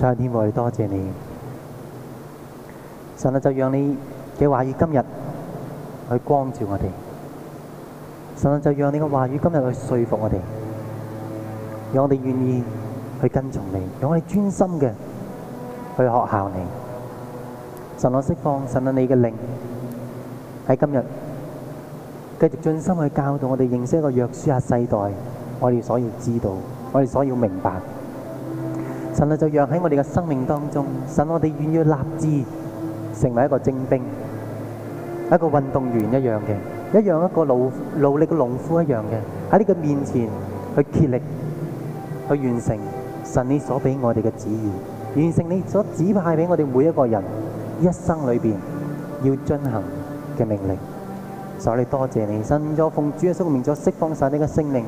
在天父，多謝你。神啊，就讓你嘅話語今日去光照我哋。神啊，就讓你嘅話語今日去説服我哋，讓我哋願意去跟從你，讓我哋專心嘅去學效你。神啊，釋放神啊，你嘅靈喺今日繼續盡心去教導我哋認識一個約書亞世代，我哋所要知道，我哋所要明白。神就讓喺我哋嘅生命當中，神，我哋願意立志成為一個精兵，一個運動員一樣嘅，一樣一個勞勞力嘅農夫一樣嘅，喺你嘅面前去竭力去完成神你所給我哋嘅旨意，完成你所指派給我哋每一個人一生裏面要進行嘅命令。所以我哋多謝你神，咗奉主耶穌，嘅名咗釋放神嘅聖靈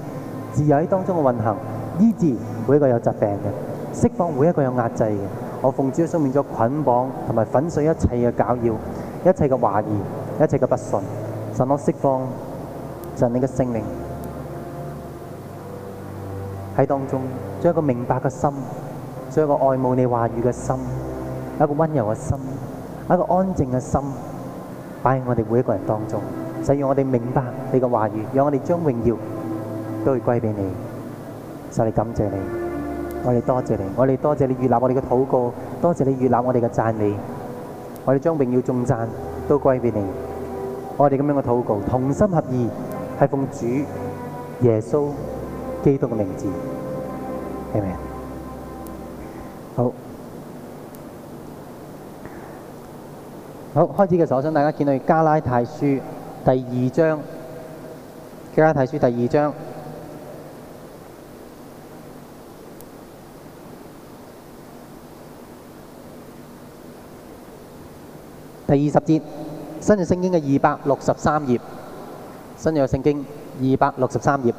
自由喺當中嘅運行，醫治每一個有疾病嘅。釋放每一個有壓制嘅，我奉主嘅生命作捆綁，同埋粉碎一切嘅攪擾，一切嘅懷疑，一切嘅不信。神，我釋放，神你嘅性命，喺當中，將一個明白嘅心，將一個愛慕你話語嘅心，一個溫柔嘅心，一個安靜嘅心，擺喺我哋每一個人當中，使讓我哋明白你嘅話語，讓我哋將榮耀都要歸畀你。神，我感謝你。我哋多謝你，我哋多謝你悅納我哋嘅禱告，多謝你悅納我哋嘅讚美，我哋將榮耀頌讚都歸俾你。我哋咁樣嘅禱告，同心合意，係奉主耶穌基督嘅名字，係咪？好，好，開始嘅時候，我想大家見到加拉太書第二章，加拉太書第二章。第二十節，新約聖經嘅二百六十三頁，新約聖經二百六十三頁，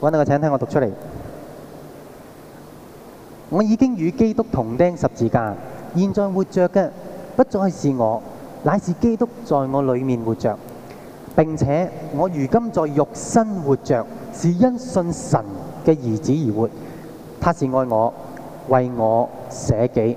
揾到個，請聽我讀出嚟。我已經與基督同釘十字架，現在活着嘅不再是我，乃是基督在我裏面活着，並且我如今在肉身活着，是因信神嘅兒子而活，他是愛我，為我捨己。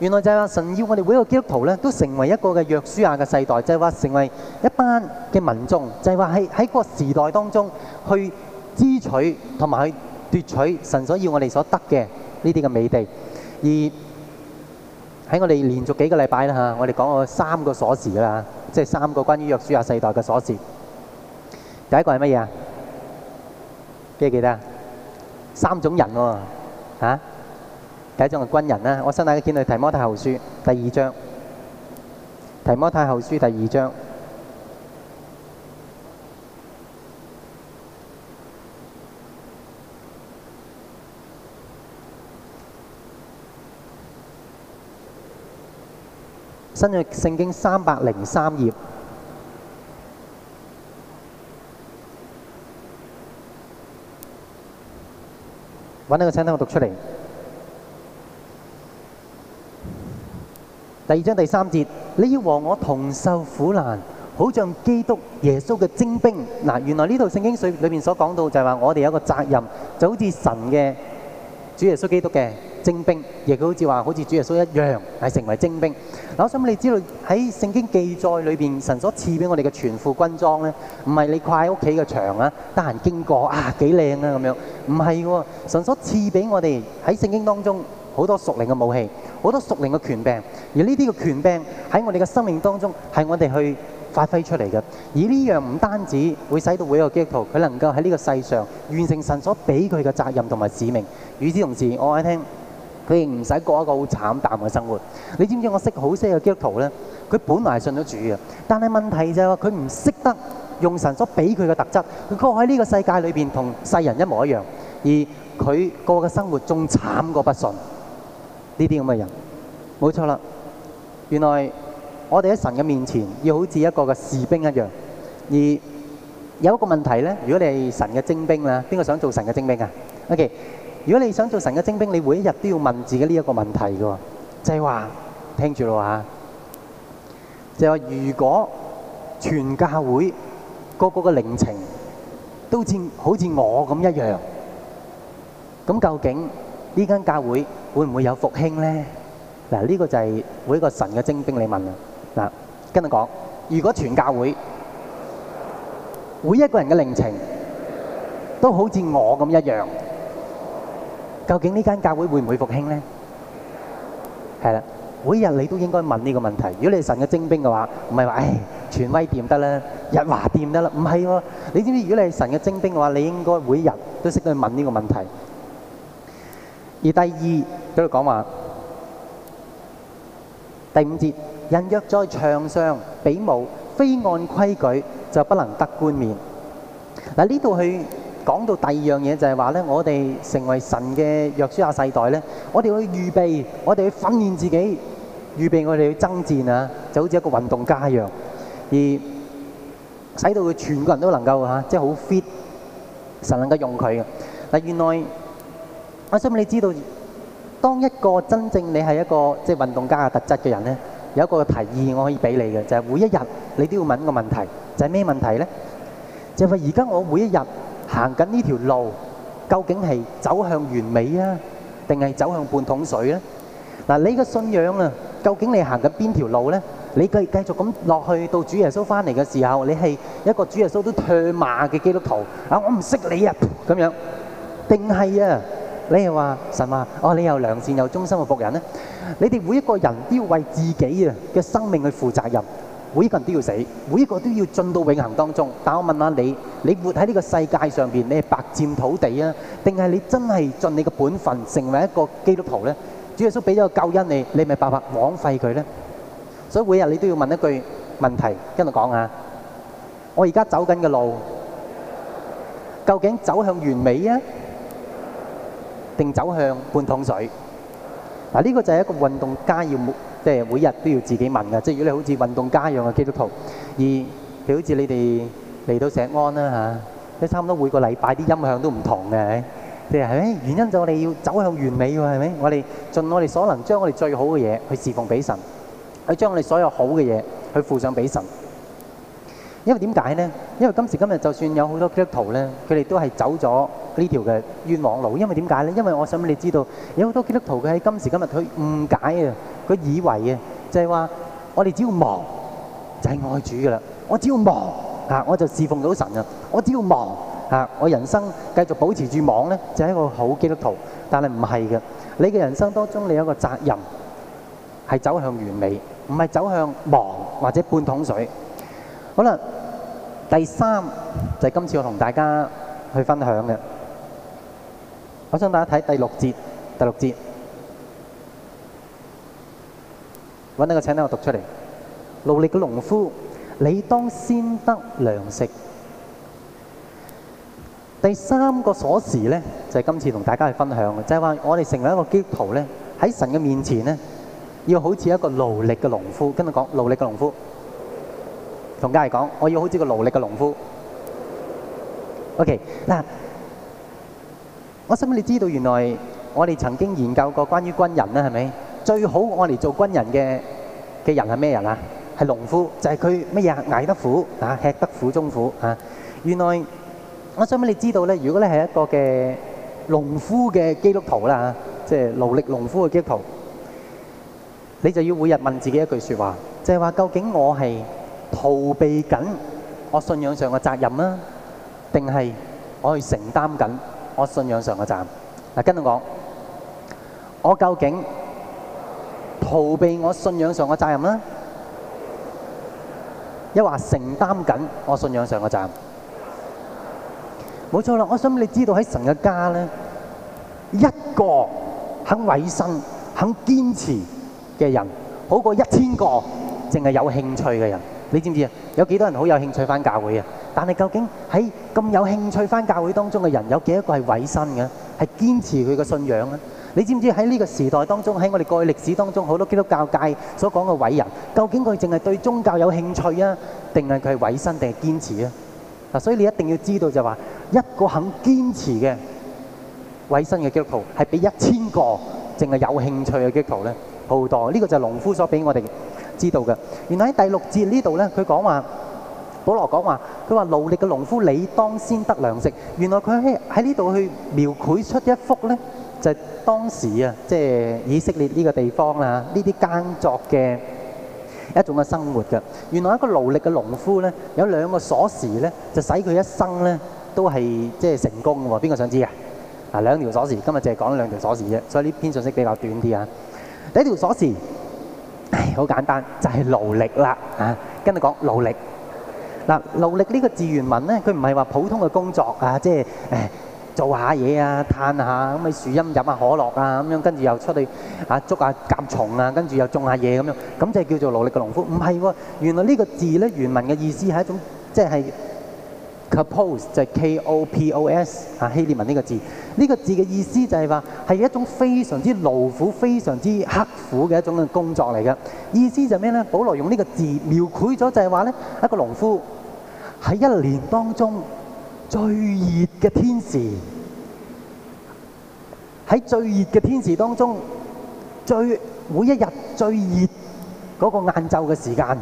原來就係話神要我哋每個基督徒咧，都成為一個嘅約書亞嘅世代，就係話成為一班嘅民眾，就係話喺喺個時代當中去支取同埋去奪取神所要我哋所得嘅呢啲嘅美地。而喺我哋連續幾個禮拜啦嚇，我哋講過三個鎖匙啦，即係三個關於約書亞世代嘅鎖匙。第一個係乜嘢啊？記唔記得啊？三種人喎嚇。第一章係軍人啦。我想大家見到《提摩太後書》第二章，《提摩太後書》第二章。新約聖經三百零三頁，揾到個，請等我讀出嚟。第二章第三節，你要和我同受苦難，好像基督耶穌嘅精兵。嗱，原來呢套聖經書裏面所講到就係話，我哋有一個責任，就好似神嘅主耶穌基督嘅精兵，亦都好似話好似主耶穌一樣係成為精兵。嗱，我想你知道喺聖經記載裏邊，神所賜俾我哋嘅全副軍裝咧，唔係你掛喺屋企嘅牆啊，得閒經過啊幾靚啊咁樣，唔係嘅喎，神所賜俾我哋喺聖經當中好多屬靈嘅武器。好多屬靈嘅權柄，而呢啲嘅權柄喺我哋嘅生命當中係我哋去發揮出嚟嘅。而呢樣唔單止會使到每一個基督徒，佢能夠喺呢個世上完成神所俾佢嘅責任同埋使命。與此同時，我話你聽，佢亦唔使過一個好慘淡嘅生活。你知唔知我識好些嘅基督徒咧？佢本來係信咗主嘅，但係問題就係話佢唔識得用神所俾佢嘅特質，佢過喺呢個世界裏邊同世人一模一樣，而佢過嘅生活仲慘過不信。呢啲咁嘅人，冇錯啦。原來我哋喺神嘅面前，要好似一個嘅士兵一樣。而有一個問題咧，如果你係神嘅精兵啦，邊個想做神嘅精兵啊？OK，如果你想做神嘅精兵，你每一日都要問自己呢一個問題嘅，就係話，聽住咯嚇。就係話如果全教會個個嘅靈情都似好似我咁一樣，咁究竟，呢間教會會唔會有復興咧？嗱，呢個就係每一個神嘅精兵，你問啦。嗱，跟你講，如果全教會每一個人嘅靈情都好似我咁一樣，究竟呢間教會會唔會復興咧？係啦，每日你都應該問呢個問題。如果你係神嘅精兵嘅話，唔係話唉，全威掂得啦，日華掂得啦，唔係喎。你知唔知？如果你係神嘅精兵嘅話，你應該每日都識得去問呢個問題。而第二喺度講話，第五節人若在場上比武，非按規矩就不能得冠冕。嗱呢度佢講到第二樣嘢就係話我哋成為神嘅約書亞世代我哋要預備，我哋要訓練自己，預備我哋要爭戰就好似一個運動家一樣，而使到佢全個人都能夠嚇，即係好 fit，神能夠用佢原來。我想問你知道，當一個真正你係一個即運動家嘅特質嘅人咧，有一個提議我可以俾你嘅，就係每一日你都要問個問題，就係咩問題咧？就係而家我每一日行緊呢條路，究竟係走向完美啊，定係走向半桶水咧？嗱，你嘅信仰啊，究竟你行緊邊條路咧？你繼繼續咁落去到主耶穌返嚟嘅時候，你係一個主耶穌都唾罵嘅基督徒啊？我唔識你啊，咁樣定係啊？你又話神話哦，你又良善又忠心嘅僕人咧，你哋每一個人都要為自己啊嘅生命去負責任，每一個人都要死，每一個都要進到永恆當中。但係我問下你，你活喺呢個世界上面，你係白佔土地啊，定係你真係盡你嘅本分，成為一個基督徒咧？主耶穌俾咗個救恩你，你咪白白枉費佢咧？所以每日你都要問一句問題，跟住講啊！我而家走緊嘅路，究竟走向完美啊？定走向半桶水，嗱呢個就係一個運動家要，即係每日都要自己問嘅，即係如果你好似運動家一樣嘅基督徒，而佢好似你哋嚟到錫安啦嚇，都差唔多每個禮拜啲音響都唔同嘅，即係係，原因就係我哋要走向完美喎，係咪？我哋盡我哋所能，將我哋最好嘅嘢去侍奉俾神，去將我哋所有好嘅嘢去付上俾神。因為點解呢？因為今時今日，就算有好多基督徒呢，佢哋都係走咗呢條嘅冤枉路。因為點解呢？因為我想俾你知道，有好多基督徒佢喺今時今日，佢誤解啊，佢以為啊，就係話我哋只要忙就係愛主噶啦，我只要忙啊，我就侍奉到神啊，我只要忙啊，我人生繼續保持住忙呢，就係一個好基督徒。但係唔係嘅，你嘅人生當中，你有個責任係走向完美，唔係走向忙或者半桶水。好啦。第三就係今次我同大家去分享嘅，我想大家睇第六節，第六節搵一個請聽我讀出嚟。勞力嘅農夫，你當先得糧食。第三個鎖匙呢，就係今次同大家去分享嘅，就係話我哋成為一個基督徒呢，喺神嘅面前呢，要好似一個勞力嘅農夫。跟我講勞力嘅農夫。同大家講，我要好似個勞力嘅農夫。OK，嗱、啊，我想你知道原來我哋曾經研究過關於軍人啦，係咪最好我哋做軍人嘅嘅人係咩人啊？係農夫，就係佢乜嘢？捱得苦啊，吃得苦中苦啊。原來我想問你知道咧，如果你係一個嘅農夫嘅基督徒啦，即係勞力農夫嘅基督徒，你就要每日問自己一句説話，就係、是、話究竟我係？逃避緊我信仰上嘅責任定係我去承擔緊我信仰上嘅責任？跟住講，我究竟逃避我信仰上嘅責任呢又或承擔緊我信仰上嘅責任？冇錯啦！我想你知道喺神嘅家呢，一個肯委身肯堅持嘅人，好過一千個淨係有興趣嘅人。你知唔知啊？有幾多人好有興趣返教會啊？但係究竟喺咁有興趣返教會當中嘅人，有幾多個係委身嘅？係堅持佢嘅信仰啊？你知唔知喺呢個時代當中，喺我哋過去歷史當中，好多基督教界所講嘅偉人，究竟佢淨係對宗教有興趣啊？定係佢係委身定係堅持啊？嗱，所以你一定要知道就話一個肯堅持嘅委身嘅基督徒，係比一千個淨係有，有興趣嘅基督徒咧好多。呢、呢個就係農夫所俾我哋。知道嘅，原來喺第六節呢度咧，佢講話，保羅講話，佢話勞力嘅農夫你當先得糧食。原來佢喺喺呢度去描繪出一幅咧，就係當時啊，即係以色列呢個地方啊，呢啲耕作嘅一種嘅生活嘅。原來一個勞力嘅農夫咧，有兩個鎖匙咧，就使佢一生咧都係即係成功嘅喎。邊個想知啊？嗱，兩條鎖匙，今日淨係講兩條鎖匙啫，所以呢篇信息比較短啲啊。第一條鎖匙。唉，好簡單，就係勞力啦嚇，跟你講勞力。嗱，勞力呢個字原文咧，佢唔係話普通嘅工作啊，即係唉做下嘢啊，攤下咁啊，樹蔭飲下可樂啊，咁樣跟住又出去啊捉下甲蟲啊，跟住又種下嘢咁樣，咁就叫做勞力嘅農夫。唔係喎，原來呢個字咧原文嘅意思係一種即係。compose 就係 K O P O S 啊，希臘文呢個字，呢、呢個字嘅意思就係話係一種非常之勞苦、非常之刻苦嘅一種工作嚟嘅。意思就係咩咧？保羅用呢個字描繪咗就係話咧，一個農夫喺一年當中最熱嘅天時，喺最熱嘅天時當中最每一日最熱嗰個晏晝嘅時間，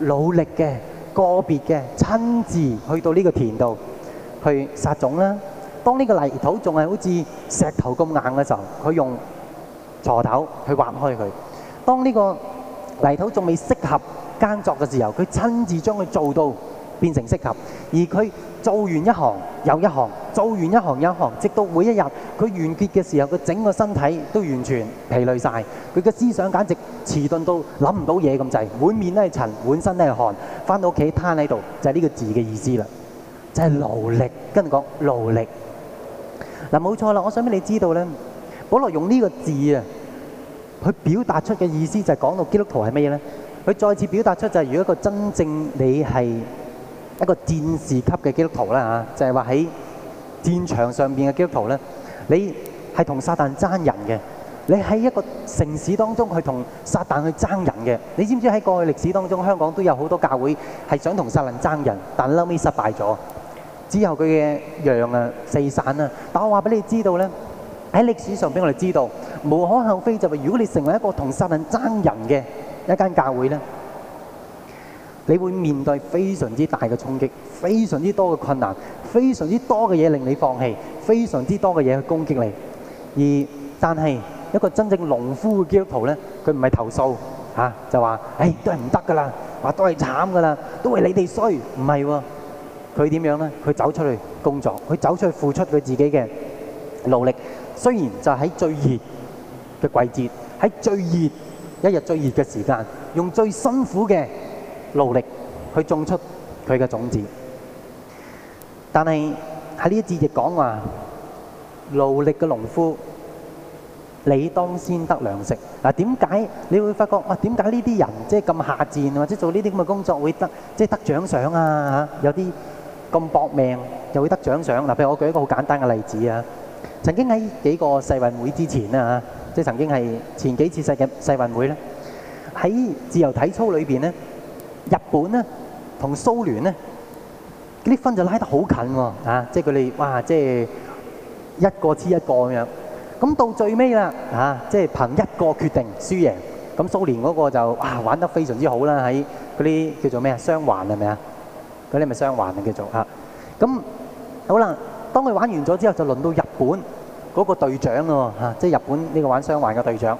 努力嘅。個別嘅親自去到呢個田度去撒種啦。當呢個泥土仲係好似石頭咁硬嘅時候，佢用鋤頭去挖開佢。當呢個泥土仲未適合耕作嘅時候，佢親自將佢做到變成適合，而佢。做完一行又一行，做完一行又一行，直到每一日佢完結嘅時候，佢整個身體都完全疲累晒，佢嘅思想簡直遲鈍到諗唔到嘢咁滯，滿面都係塵，滿身都係汗，翻到屋企攤喺度，就係、是、呢個字嘅意思啦。就係、是、勞力，跟住講勞力嗱，冇錯啦。我想俾你知道咧，保羅用呢個字啊，去表達出嘅意思就係講到基督徒係咩咧？佢再次表達出就係、是、如果一個真正你係。一個戰士級嘅基督徒啦啊，就係話喺戰場上邊嘅基督徒咧，你係同撒旦爭人嘅，你喺一個城市當中去同撒旦去爭人嘅，你知唔知喺過去歷史當中香港都有好多教會係想同撒旦爭人，但係落尾失敗咗，之後佢嘅羊啊四散啊，但我話俾你知道咧，喺歷史上俾我哋知道，無可厚非就係如果你成為一個同撒旦爭人嘅一間教會咧。你會面對非常之大嘅衝擊，非常之多嘅困難，非常之多嘅嘢令你放棄，非常之多嘅嘢去攻擊你。而但係一個真正農夫嘅基督徒咧，佢唔係投訴嚇、啊，就話：誒都係唔得㗎啦，話都係慘㗎啦，都係你哋衰。唔係喎，佢點樣咧？佢走出去工作，佢走出去付出佢自己嘅努力。雖然就喺最熱嘅季節，喺最熱一日最熱嘅時間，用最辛苦嘅。勞力去種出佢嘅種子，但係喺呢一節亦講話勞力嘅農夫，你當先得糧食嗱。點解你會發覺哇？點解呢啲人即係咁下賤，或者做呢啲咁嘅工作會得即係得獎賞啊？嚇，有啲咁搏命就會得獎賞嗱。譬如我舉一個好簡單嘅例子啊，曾經喺幾個世運會之前啊，即係曾經係前幾次世嘅世運會咧，喺自由體操裏邊咧。日本呢同蘇聯呢，啲分就拉得好近喎，啊！即係佢哋哇，即係一個知一個咁樣。咁到最尾啦，啊！即係憑一個決定輸贏。咁蘇聯嗰個就哇玩得非常之好啦，喺嗰啲叫做咩啊，雙環係咪啊？嗰啲咪雙環啊叫做嚇。咁好啦，當佢玩完咗之後，就輪到日本嗰個隊長喎，嚇！即係日本呢個玩雙環嘅隊長。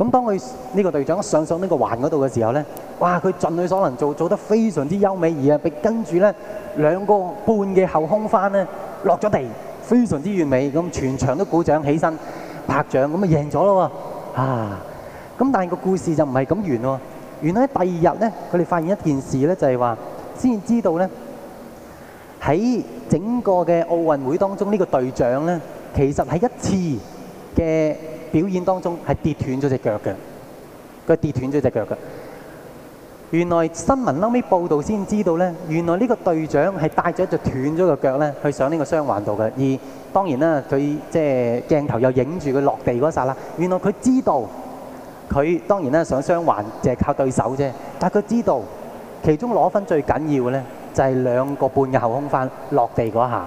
咁當佢呢個隊長上上呢個環嗰度嘅時候咧，哇！佢盡佢所能做，做得非常之優美而啊，跟住咧兩個半嘅後空翻咧落咗地，非常之完美，咁全場都鼓掌起身拍掌，咁啊贏咗咯喎！啊，咁但係個故事就唔係咁完喎。原來喺第二日咧，佢哋發現一件事咧，就係話先知道咧喺整個嘅奧運會當中呢個隊長咧，其實係一次嘅。表演當中係跌斷咗隻腳嘅，佢跌斷咗隻腳嘅。原來新聞孻尾報導先知道咧，原來呢個隊長係帶咗一隻斷咗嘅腳咧去上呢個雙環度嘅。而當然啦，佢即係鏡頭又影住佢落地嗰剎啦。原來佢知道，佢當然啦上雙環就係靠對手啫。但係佢知道其中攞分最緊要嘅咧，就係、是、兩個半嘅後空翻落地嗰下。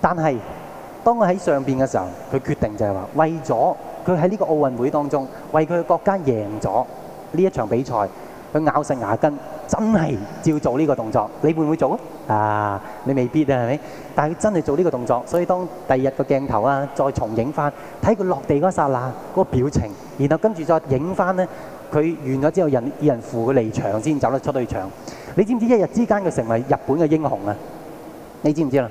但係。當佢喺上邊嘅時候，佢決定就係話，為咗佢喺呢個奧運會當中，為佢嘅國家贏咗呢一場比賽，佢咬實牙根，真係照做呢個動作。你會唔會做啊？你未必啊，係咪？但係佢真係做呢個動作，所以當第二日個鏡頭啊，再重影翻，睇佢落地嗰剎那嗰個表情，然後跟住再影翻呢，佢完咗之後，人二人扶佢離場先走得出對場。你知唔知一日之間佢成為日本嘅英雄啊？你知唔知啊？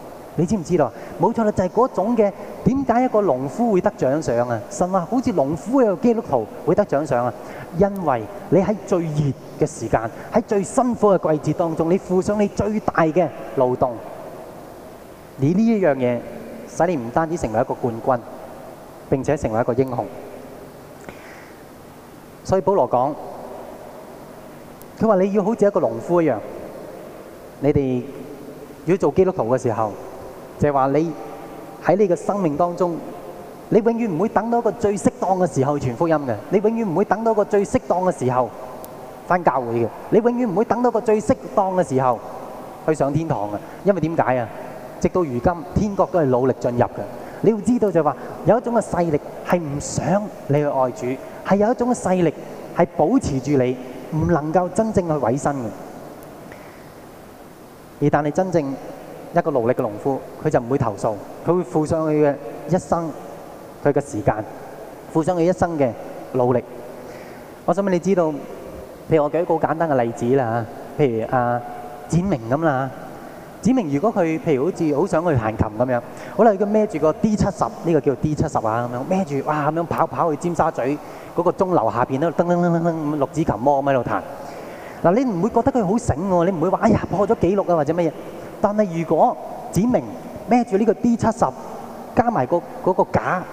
你知唔知道，冇錯啦，就係、是、嗰種嘅。點解一個農夫會得獎賞啊？神話好似農夫一個基督徒會得獎賞啊！因為你喺最熱嘅時間，喺最辛苦嘅季節當中，你付上你最大嘅勞動，你呢一樣嘢使你唔單止成為一個冠軍，並且成為一個英雄。所以保羅講，佢話你要好似一個農夫一樣，你哋要做基督徒嘅時候。就係話你喺你嘅生命當中，你永遠唔會等到一個最適當嘅時候傳福音嘅，你永遠唔會等到一個最適當嘅時候返教會嘅，你永遠唔會等到一個最適當嘅時候去上天堂嘅。因為點解啊？直到如今天國都係努力進入嘅。你要知道就係話，有一種嘅勢力係唔想你去愛主，係有一種嘅勢力係保持住你，唔能夠真正去委身嘅。而但係真正。一個勞力嘅農夫，佢就唔會投訴，佢會付上佢嘅一生，佢嘅時間，付上佢一生嘅努力。我想問你知道，譬如我舉一個簡單嘅例子啦，譬如阿展明咁啦，展明如果佢譬如好似好想去彈琴咁樣，好啦，佢孭住個 D 七十呢個叫 D 七十啊咁樣孭住，哇咁樣跑跑去尖沙咀嗰個鐘樓下邊咧，噔噔噔噔噔咁，六指琴魔喺度彈。嗱，你唔會覺得佢好醒喎？你唔會話哎呀破咗紀錄啊或者乜嘢？但係如果指明孭住呢個 D 七十加埋、嗰個、嗰個架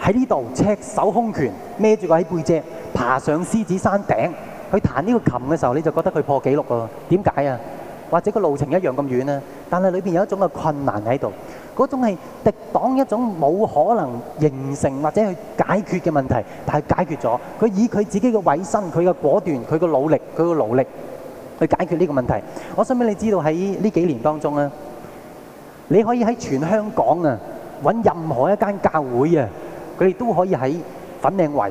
喺呢度赤手空拳孭住佢喺背脊爬上獅子山頂去彈呢個琴嘅時候，你就覺得佢破紀錄喎？點解啊？或者個路程一樣咁遠呢？但係裏面有一種嘅困難喺度，嗰種係敵擋一種冇可能形成或者去解決嘅問題，但係解決咗。佢以佢自己嘅委身、佢嘅果斷、佢嘅努力、佢嘅努力。去解決呢個問題，我想俾你知道喺呢幾年當中咧，你可以喺全香港啊揾任何一間教會啊，佢哋都可以喺粉嶺圍。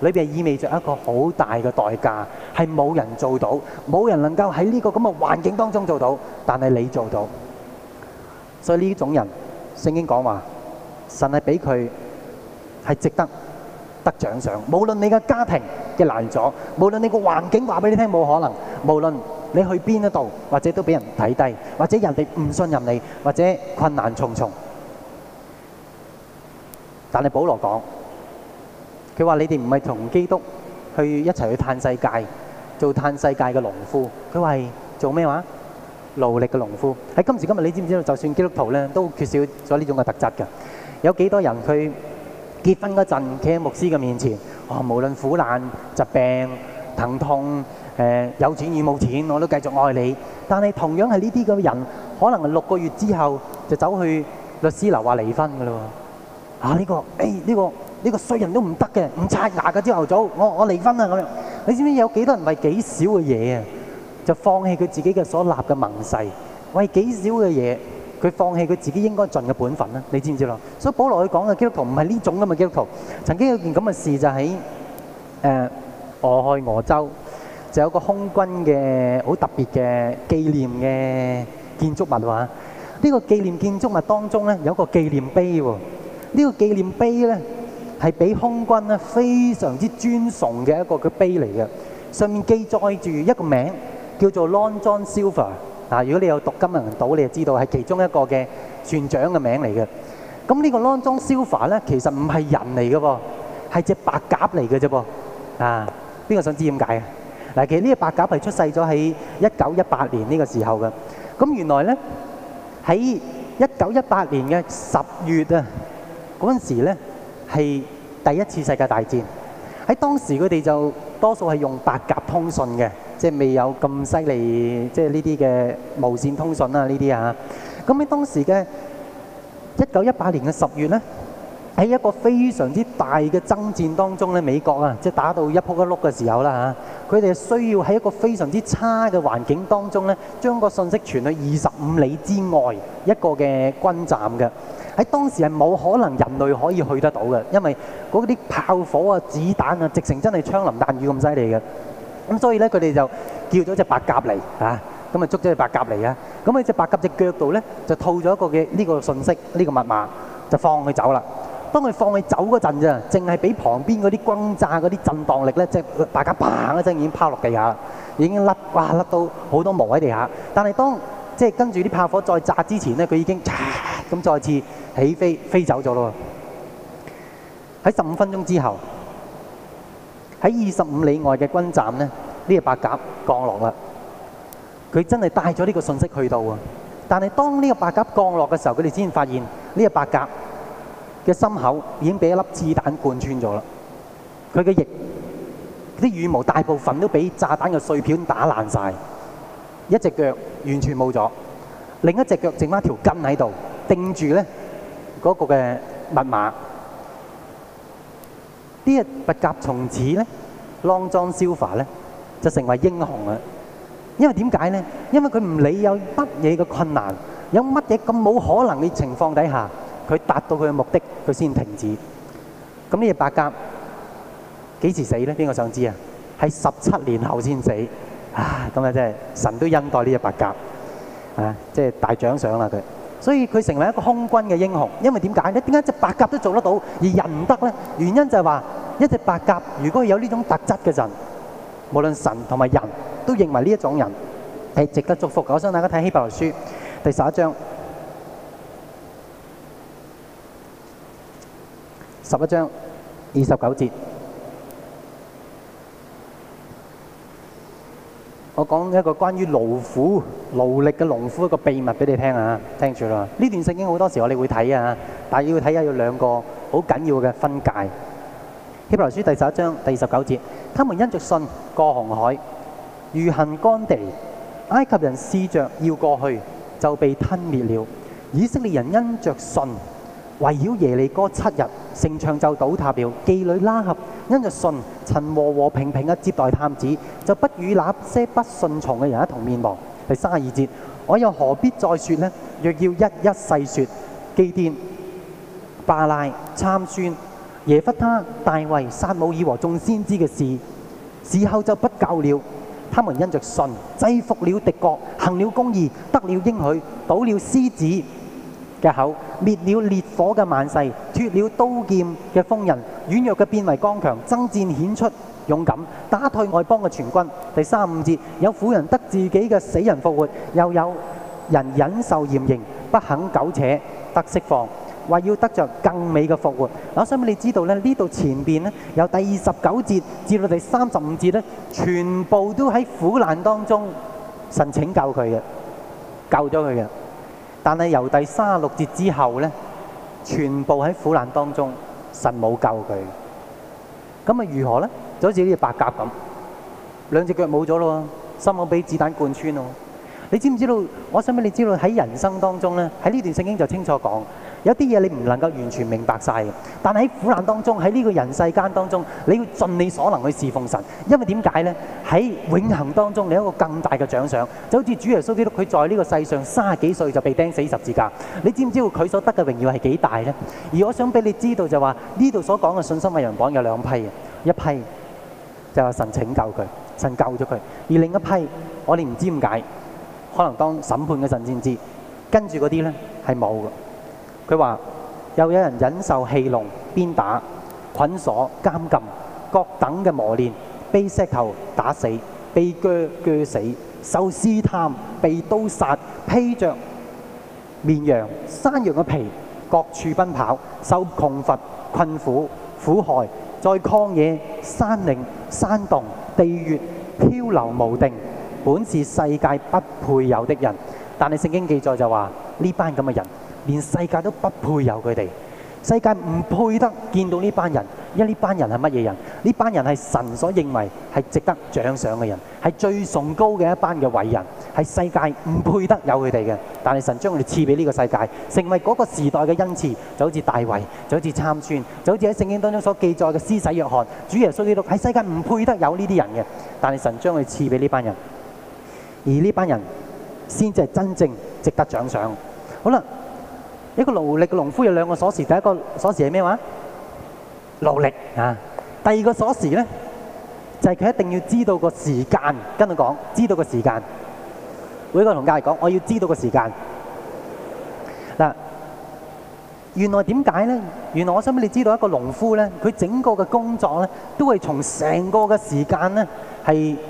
裏邊意味著一個好大嘅代價，係冇人做到，冇人能夠喺呢個咁嘅環境當中做到，但係你做到。所以呢種人，聖經講話，神係俾佢係值得得獎賞。無論你嘅家庭嘅難阻，無論你個環境話俾你聽冇可能，無論你去邊一度，或者都俾人睇低，或者人哋唔信任你，或者困難重重，但係保羅講。佢話：他說你哋唔係同基督一起去一齊去嘆世界，做嘆世界嘅農夫。佢話做咩話勞力嘅農夫？喺、哎、今時今日，你知唔知道？就算基督徒咧，都缺少咗呢種嘅特質㗎。有幾多人佢結婚嗰陣企喺牧師嘅面前，啊、哦，無論苦難、疾病、疼痛，誒、呃、有錢與冇錢，我都繼續愛你。但係同樣係呢啲咁嘅人，可能六個月之後就走去律師樓話離婚㗎喇。啊，呢個誒呢個。哎這個呢個衰人都唔得嘅，唔刷牙嘅朝頭早，我我離婚啦咁樣。你知唔知有幾多人為幾少嘅嘢啊？就放棄佢自己嘅所立嘅盟誓。為，幾少嘅嘢，佢放棄佢自己應該盡嘅本分咧？你知唔知咯？所以，保羅佢講嘅基督徒唔係呢種咁嘅基督徒。曾經有件咁嘅事，就喺誒俄亥俄州就有個空軍嘅好特別嘅紀念嘅建築物啊。呢個紀念建築物當中咧有一個紀念碑喎。呢個紀念碑咧。係俾空軍咧非常之尊崇嘅一個嘅碑嚟嘅，上面記載住一個名叫做 Long John Silver。嗱，如果你有讀《金銀島》，你就知道係其中一個嘅船長嘅名嚟嘅。咁呢個 Long John Silver 咧，其實唔係人嚟嘅喎，係隻白鴿嚟嘅啫噃。啊，邊個想知點解啊？嗱，其實呢隻白鴿係出世咗喺一九一八年呢個時候嘅。咁原來咧喺一九一八年嘅十月啊，嗰陣時咧。係第一次世界大戰，喺當時佢哋就多數係用白鴿通訊嘅，即係未有咁犀利，即係呢啲嘅無線通訊啊。呢啲啊。咁喺當時嘅一九一八年嘅十月咧，喺一個非常之大嘅爭戰當中咧，美國啊，即係打到一仆一碌嘅時候啦嚇，佢哋需要喺一個非常之差嘅環境當中咧，將個信息傳去二十五里之外一個嘅軍站嘅。喺當時係冇可能人類可以去得到嘅，因為嗰啲炮火啊、子彈啊，直情真係槍林彈雨咁犀利嘅。咁所以咧，佢哋就叫咗隻白鴿嚟啊，咁啊捉咗隻白鴿嚟啊。咁喺隻白鴿隻腳度咧就套咗一個嘅呢個信息，呢個密碼，就放佢走啦。當佢放佢走嗰陣咋，淨係俾旁邊嗰啲轟炸嗰啲震盪力咧，即係白鴿砰一聲已經拋落地下啦，已經甩哇甩到好多毛喺地下。但係當即係跟住啲炮火再炸之前咧，佢已經咁再次。起飛飛走咗咯喎！喺十五分鐘之後，喺二十五里外嘅軍站呢，呢、呢個白鴿降落啦。佢真係帶咗呢個信息去到啊！但係當呢個白鴿降落嘅時候，佢哋先發現呢個白鴿嘅心口已經俾一粒子彈貫穿咗啦。佢嘅翼、啲羽毛大部分都俾炸彈嘅碎片打爛晒，一隻腳完全冇咗，另一隻腳剩返條筋喺度，定住咧。嗰個嘅密碼，呢隻白鴿從此咧，Langston Silva 咧就成為英雄啊！因為點解咧？因為佢唔理有乜嘢嘅困難，有乜嘢咁冇可能嘅情況底下，佢達到佢嘅目的，佢先停止。咁呢隻白鴿幾時死咧？邊個想知啊？喺十七年後先死啊！咁啊，真係神都恩待呢隻白鴿啊！即係大獎賞啦佢。所以佢成為一個空軍嘅英雄，因為點解咧？點解隻白鴿都做得到，而人唔得呢？原因就係、是、話，一隻白鴿如果有呢種特質嘅人，無論神同埋人都認為呢一種人係值得祝福的。我想大家睇希伯來書第十一章十一章二十九節。我講一個關於勞苦勞力嘅農夫一個秘密俾你聽啊！聽住啦，呢段聖經好多時我哋會睇啊，但係要睇下有兩個好緊要嘅分界。希伯來書第十一章第二十九節，他們因着信，過紅海，如行乾地。埃及人試着要過去，就被吞滅了。以色列人因着信圍繞耶利哥七日。城牆就倒塌了，妓女拉合因着信，陳和和平平嘅接待探子，就不與那些不順從嘅人一同面亡。第三十二節，我又何必再說呢？若要一一細說，基甸、巴拉、參孫、耶弗他、大衛、撒母耳和眾先知嘅事，事後就不夠了。他們因着信，制伏了敵國，行了公義，得了應許，堵了獅子嘅口滅了烈火，嘅萬世脫了刀劍，嘅鋒刃軟弱嘅變為剛強，爭戰顯出勇敢，打退外邦嘅全軍。第三五節有婦人得自己嘅死人復活又有，人忍受嚴刑不肯苟且得釋放，為要得着更美嘅復活。我想俾你知道呢度前邊呢，由第二十九節至到第三十五節呢，全部都喺苦難當中，神拯救佢嘅，救咗佢嘅。但係由第三十六節之後咧，全部喺苦難當中，神冇救佢。咁啊如何咧？就好似呢隻白鴿咁，兩隻腳冇咗咯，心口俾子彈貫穿咯。你知唔知道？我想俾你知道喺人生當中咧，喺呢段聖經就清楚講。有啲嘢你唔能夠完全明白曬，但喺苦難當中，喺呢個人世間當中，你要盡你所能去侍奉神，因為點解呢？喺永恆當中，你有一個更大嘅獎賞，就好似主耶穌基督，佢在呢個世上三十幾歲就被釘死十字架，你知唔知道佢所得嘅榮耀係幾大呢？而我想畀你知道，就話呢度所講嘅信心偉人榜有兩批，一批就話神拯救佢，神救咗佢；而另一批我哋唔知點解，可能當審判嘅神先知道跟住嗰啲呢係冇嘅。佢話：又有人忍受氣龍鞭打、捆鎖、監禁、各等嘅磨練，被石頭打死，被鋸鋸死，受試探，被刀殺，披着綿羊、山羊嘅皮，各處奔跑，受窮乏、困苦、苦害，在曠野山、山嶺、山洞、地穴、漂流無定，本是世界不配有的人。但係聖經記載就話呢班咁嘅人。連世界都不配有佢哋，世界唔配得見到呢班人，因為呢班人係乜嘢人？呢班人係神所認為係值得獎賞嘅人，係最崇高嘅一班嘅偉人，係世界唔配得有佢哋嘅。但係神將佢哋賜俾呢個世界，成為嗰個時代嘅恩賜就，就好似大衞，就好似參孫，就好似喺聖經當中所記載嘅施洗約翰、主耶穌基督。喺世界唔配得有呢啲人嘅，但係神將佢哋賜俾呢班人，而呢班人先至係真正值得獎賞。好啦。一個勞力嘅農夫有兩個鎖匙，第一個鎖匙係咩話？勞力。啊、第二個鎖匙咧，就係佢一定要知道個時間，跟我講，知道個時間。每個農家嚟講，我要知道個時間。嗱、啊，原來點解呢？原來我想俾你知道，一個農夫咧，佢整個嘅工作咧，都係從成個嘅時間咧係。是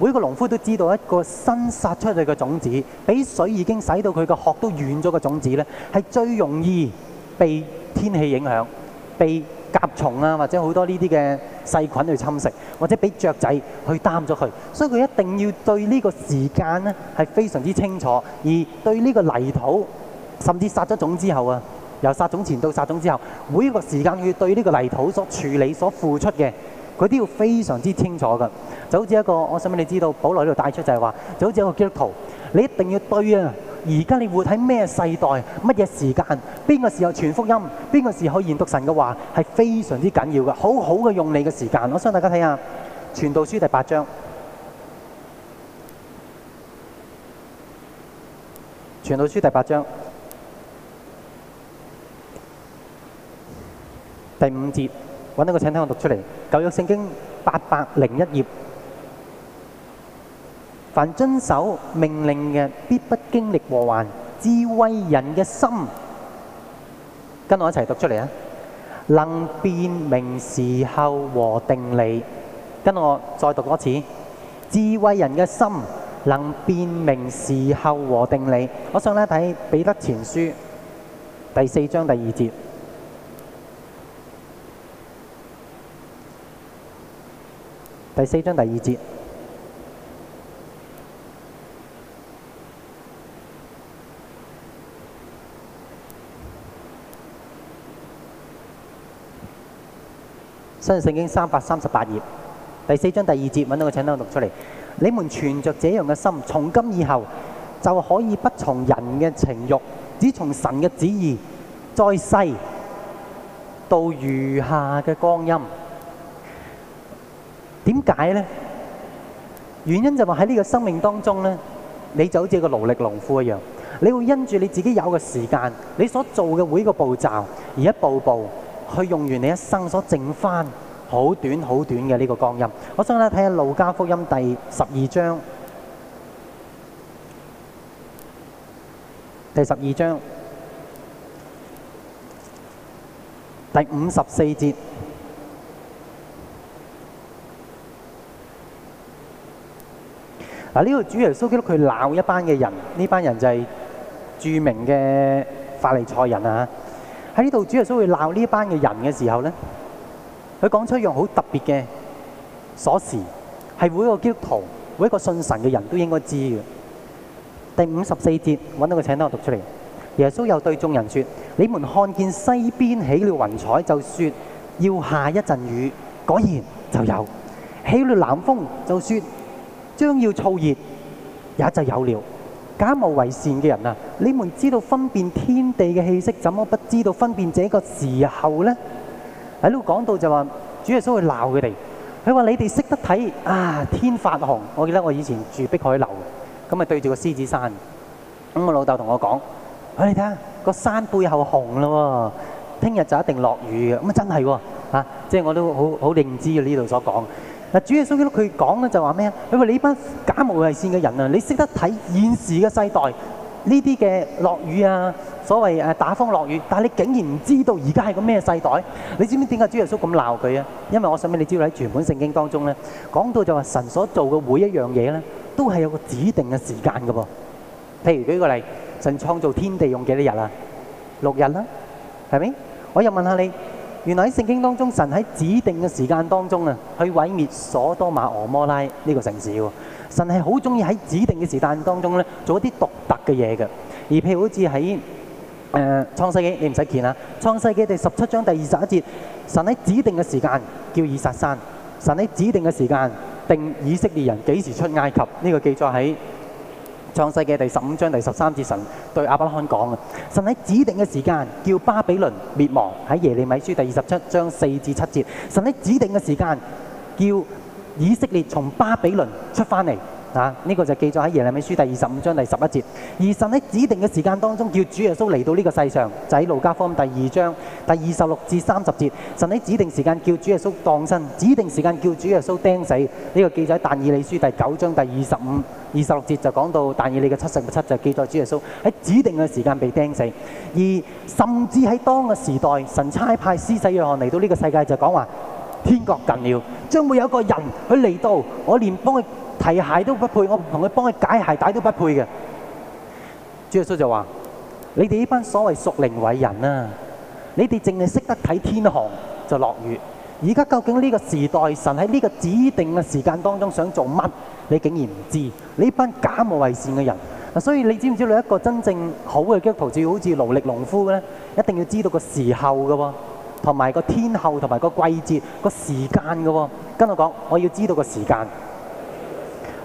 每一個農夫都知道一個新撒出去嘅種子，俾水已經洗到佢嘅殼都軟咗嘅種子呢，係最容易被天氣影響，被甲蟲啊，或者好多呢啲嘅細菌去侵蝕，或者俾雀仔去擔咗佢。所以佢一定要對呢個時間呢，係非常之清楚，而對呢個泥土，甚至撒咗種之後啊，由撒種前到撒種之後，每一個時間去對呢個泥土所處理所付出嘅。佢都要非常之清楚嘅，就好似一個，我想俾你知道，保羅呢度帶出就係話，就好似一個基督徒，你一定要對啊！而家你活喺咩世代，乜嘢時間，邊個時候傳福音，邊個時候研讀神嘅話，係非常之緊要嘅，好好嘅用你嘅時間。我想大家睇下《傳道書》第八章，《傳道書》第八章第五節。揾一個，請聽我讀出嚟，《舊約聖經》八百零一頁，凡遵守命令嘅，必不經歷禍患。智慧人嘅心，跟我一齊讀出嚟啊！能辨明時候和定理，跟我再讀多次。智慧人嘅心能辨明時候和定理。我想咧睇《彼得前書》第四章第二節。第四章第二節，新聖經三百三十八頁，第四章第二節，揾到個請我讀出嚟。你們存着這樣嘅心，從今以後就可以不從人嘅情欲，只從神嘅旨意，在世度餘下嘅光陰。點解呢？原因就話喺呢個生命當中呢，你就好似一個勞力農夫一樣，你會因住你自己有嘅時間，你所做嘅每個步驟，而一步步去用完你一生所剩返好短好短嘅呢個光陰。我想嚟睇下《路加福音》第十二章，第十二章，第五十四節。嗱，呢度主耶穌基督佢鬧一班嘅人，呢班人就係著名嘅法利賽人啊！喺呢度主耶穌會鬧呢班嘅人嘅時候咧，佢講出一樣好特別嘅鎖匙，係每一個基督徒、每一個信神嘅人都應該知嘅。第五十四節揾到個請單，我讀出嚟。耶穌又對眾人説：你們看見西邊起了雲彩就說，就説要下一陣雨，果然就有；起了南風就說，就説將要燥熱，也就有了。假冒為善嘅人啊，你們知道分辨天地嘅氣息，怎麼不知道分辨這個時候呢？喺度講到就話，主耶穌會鬧佢哋。佢話你哋識得睇啊，天發紅。我記得我以前住碧海樓，咁咪對住個獅子山。咁我老豆同我講：你睇下個山背後紅嘞，聽日就一定落雨嘅。咁啊真係喎，即、啊、係、就是、我都好好認知呢、啊、度所講。主耶穌基督佢講咧就話咩啊？佢話你呢班假冒偽善嘅人啊，你識得睇現時嘅世代呢啲嘅落雨啊，所謂誒打風落雨，但係你竟然唔知道而家係個咩世代？你知唔知點解主耶穌咁鬧佢啊？因為我想俾你知道喺全本聖經當中咧，講到就話神所做嘅每一樣嘢咧，都係有個指定嘅時間嘅噃。譬如舉個例，神創造天地用幾多日啊？六日啦，係咪？我又問下你。原來喺聖經當中，神喺指定嘅時間當中啊，去毀滅所多瑪俄摩拉呢個城市喎。神係好中意喺指定嘅時間當中咧，做一啲獨特嘅嘢嘅。而譬如好似喺誒創世紀，你唔使見啦。創世紀第十七章第二十一節，神喺指定嘅時間叫以撒生。神喺指定嘅時間定以色列人幾時出埃及呢個記載喺。創世記第十五章第十三節，神對亞伯拉罕講：神喺指定嘅時間叫巴比倫滅亡。喺耶利米書第二十七章四至七節，神喺指定嘅時間叫以色列從巴比倫出翻嚟。啊，呢個就記載喺耶利米書第二十五章第十一節。而神喺指定嘅時間當中叫主耶穌嚟到呢個世上，就喺路加方第二章第二十六至三十節。神喺指定時間叫主耶穌降生，指定時間叫主耶穌釘死。呢個記載喺但以理書第九章第二十五。節二十六節就講到，但以理嘅七十個七就記載主耶穌喺指定嘅時間被釘死，而甚至喺當個時代，神差派施洗約翰嚟到呢個世界就講話天國近了，將會有個人去嚟到，我連幫佢提鞋都不配，我唔同佢幫佢解鞋帶都不配嘅。主耶穌就話：你哋呢班所謂屬靈偉人啊，你哋淨係識得睇天降就落雨，而家究竟呢個時代神喺呢個指定嘅時間當中想做乜？你竟然唔知呢班假冒為善嘅人，所以你知唔知道一個真正好嘅基督徒，好似勞力農夫呢，一定要知道個時候嘅喎、哦，同埋個天候同埋個季節，那個時間嘅喎、哦，跟我講，我要知道個時間。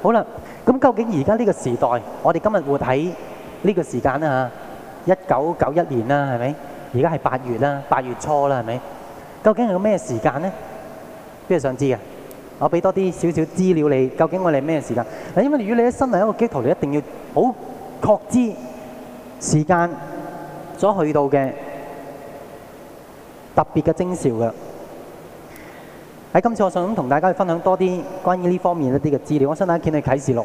好啦，咁究竟而家呢個時代，我哋今日會睇呢個時間啦，一九九一年啦，係咪？而家係八月啦，八月初啦，係咪？究竟係個咩時間呢？邊個想知嘅？我俾多啲少少資料你，究竟我哋咩時間？嗱，因為如果你一新係一個基督徒，你一定要好確知時間所去到嘅特別嘅徵兆嘅。喺今次，我想同大家去分享多啲關於呢方面一啲嘅資料。我先睇下《啟示錄》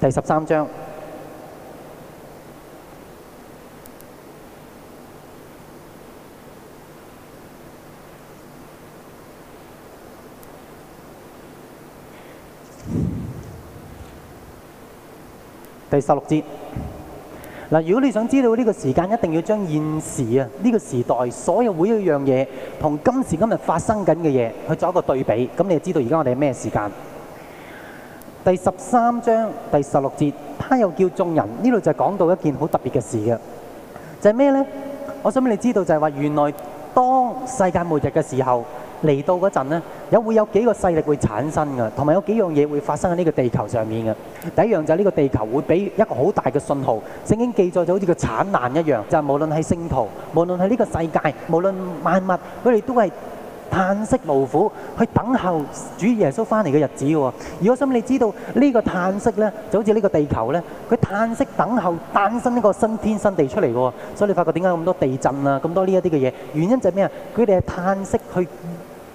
第十三章。第十六節嗱，如果你想知道呢個時間，一定要將現時啊呢個時代所有每一樣嘢，同今時今日發生緊嘅嘢去做一個對比，咁你就知道而家我哋係咩時間。第十三章第十六節，他又叫眾人，呢度就講到一件好特別嘅事嘅，就係咩呢？我想俾你知道，就係話原來當世界末日嘅時候。嚟到嗰陣咧，有會有幾個勢力會產生嘅，同埋有，有幾樣嘢會發生喺呢個地球上面嘅。第一樣就係呢個地球會俾一個好大嘅信號，聖經記載就好似個產難一樣，就係無論係聖徒，無論係呢個世界，無論萬物，佢哋都係嘆息勞苦，去等候主耶穌翻嚟嘅日子嘅喎。而我想你知道呢、呢個嘆息咧，就好似呢個地球咧，佢嘆息等候誕生呢個新天新地出嚟嘅喎。所以你發覺點解咁多地震啊，咁多呢一啲嘅嘢？原因就係咩啊？佢哋係嘆息去。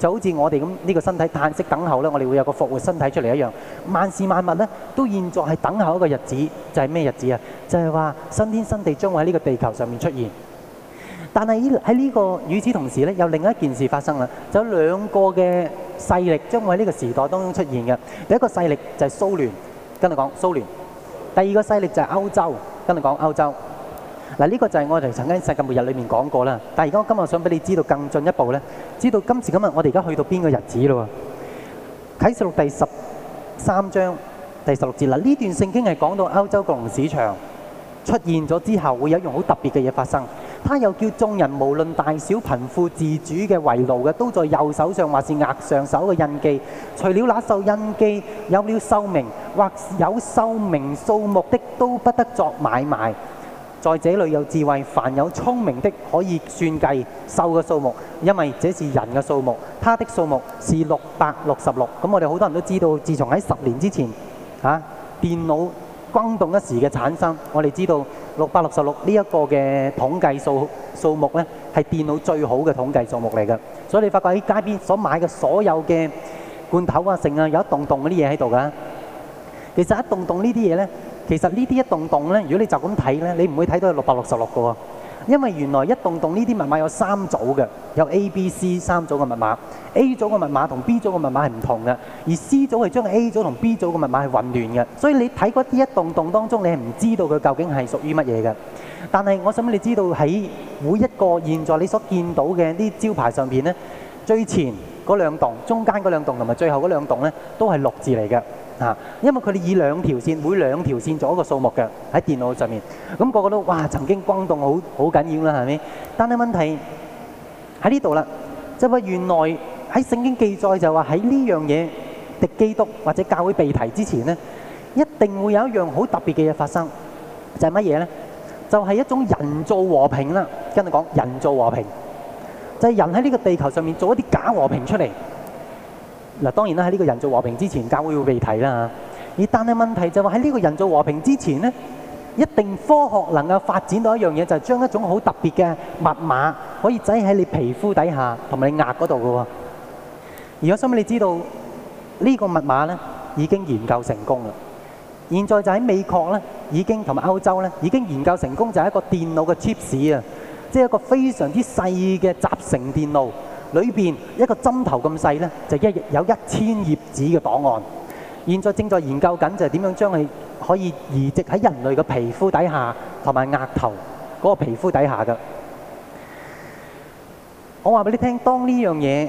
就好似我哋咁呢個身體嘆息等候咧，我哋會有個復活身體出嚟一樣。萬事萬物咧都現在係等候一個日子，就係咩日子啊？就係話新天新地將會喺呢個地球上面出現。但係喺呢個與此同時咧，有另一件事發生啦。就有兩個嘅勢力將會喺呢個時代當中出現嘅。第一個勢力就係蘇聯，跟住講蘇聯；第二個勢力就係歐洲，跟住講歐洲。嗱，呢個就係我哋曾經在《世界末日》裏面講過啦。但係而家我今日想俾你知道更進一步咧，知道今時今日我哋而家去到邊個日子咯喎？啟示錄第十三章第十六節啦，呢段聖經係講到歐洲各龍市場出現咗之後，會有一樣好特別嘅嘢發生。他又叫眾人無論大小貧富自主嘅為奴嘅，都在右手上或是額上手嘅印記。除了那受印記，有了獸名或有獸名數目的，都不得作買賣。在這裡有智慧，凡有聰明的可以算計獸嘅數目，因為這是人嘅數目，他的數目是六百六十六。咁我哋好多人都知道，自從喺十年之前嚇、啊、電腦轟動一時嘅產生，我哋知道六百六十六呢一個嘅統計數數目呢，係電腦最好嘅統計數目嚟嘅。所以你發覺喺街邊所買嘅所有嘅罐頭啊、剩啊，有一棟棟嗰啲嘢喺度㗎。其實一棟棟呢啲嘢呢。其實呢啲一棟棟呢，如果你就咁睇呢，你唔會睇到係六百六十六個喎，因為原來一棟棟呢啲密碼有三組嘅，有 A、B、C 三組嘅密碼，A 組嘅密碼同 B 組嘅密碼係唔同嘅，而 C 組係將 A 組同 B 組嘅密碼係混亂嘅，所以你睇嗰啲一棟棟當中，你係唔知道佢究竟係屬於乜嘢嘅。但係我想俾你知道喺每一個現在你所見到嘅啲招牌上面呢，最前嗰兩棟、中間嗰兩棟同埋最後嗰兩棟呢，都係六字嚟嘅。啊！因為佢哋以兩條線，每兩條線做一個數目嘅，喺電腦上面，咁、那個個都哇，曾經轟動好好緊要啦，係咪？但係問題喺呢度啦，即係話原來喺聖經記載就話喺呢樣嘢敵基督或者教會被提之前咧，一定會有一樣好特別嘅嘢發生，就係乜嘢咧？就係、是、一種人造和平啦。跟住講人造和平，就係、是、人喺呢個地球上面做一啲假和平出嚟。嗱，當然啦，喺呢個人造和平之前，教會會被提啦嚇。而但係問題就話喺呢個人造和平之前咧，一定科學能夠發展到一樣嘢，就係將一種好特別嘅密碼可以擠喺你皮膚底下同埋你額嗰度嘅喎。而我想俾你知道呢個密碼咧已經研究成功啦。現在就喺美國咧已經同埋歐洲咧已經研究成功，就係一個電腦嘅 chip 啊，即係一個非常之細嘅集成電路。裏面一個針頭咁細呢，就有一千頁紙嘅檔案。現在正在研究緊，就係點樣將佢可以移植喺人類嘅皮膚底下，同埋額頭嗰個皮膚底下嘅。我話俾你聽，當呢樣嘢，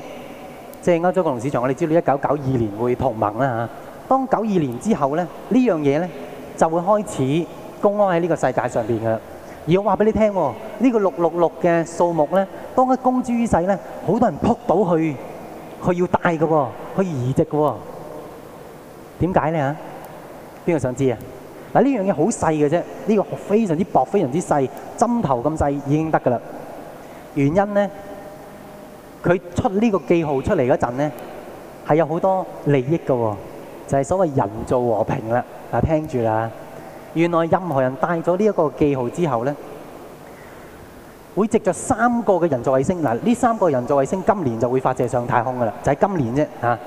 即係歐洲共同市場，我哋知道一九九二年會同盟啦，當九二年之後咧，這呢樣嘢呢就會開始公開喺呢個世界上面，嘅。而我話俾你聽喎，呢個六六六嘅數目咧，當一公諸於世咧，好多人撲到去，佢要戴嘅喎，佢要移植嘅喎。點解咧嚇？邊個想知道？嗱，呢樣嘢好細嘅啫，呢個非常之薄，非常之細，針頭咁細已經得嘅啦。原因呢，佢出呢個記號出嚟嗰陣呢，係有好多利益嘅喎，就係所謂人造和平啦。嗱，聽住啦。原來任何人戴咗呢個記號之後咧，會藉著三個嘅人造衛星嗱，呢三個人造衛星今年就會發射上太空㗎喇，就喺今年啫嚇。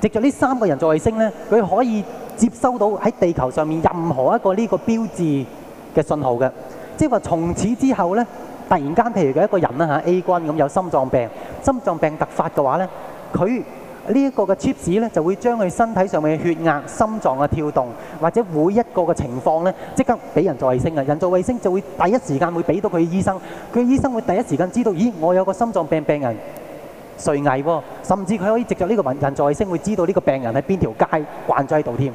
藉著呢三個人造衛星咧，佢可以接收到喺地球上面任何一個呢個標誌嘅信號嘅，即係話從此之後咧，突然間譬如有一個人啦嚇，A 君咁有心臟病，心臟病突發嘅話咧，佢。呢個嘅 chip 子呢，就會將佢身體上面嘅血壓、心臟嘅跳動或者每一個嘅情況呢，即刻畀人造衛星啊！人造衛星就會第一時間會畀到佢嘅醫生，佢嘅醫生會第一時間知道，咦，我有個心臟病病人垂危喎，哦，甚至佢可以直接呢個人人造衛星會知道呢個病人喺邊條街慣咗喺度添，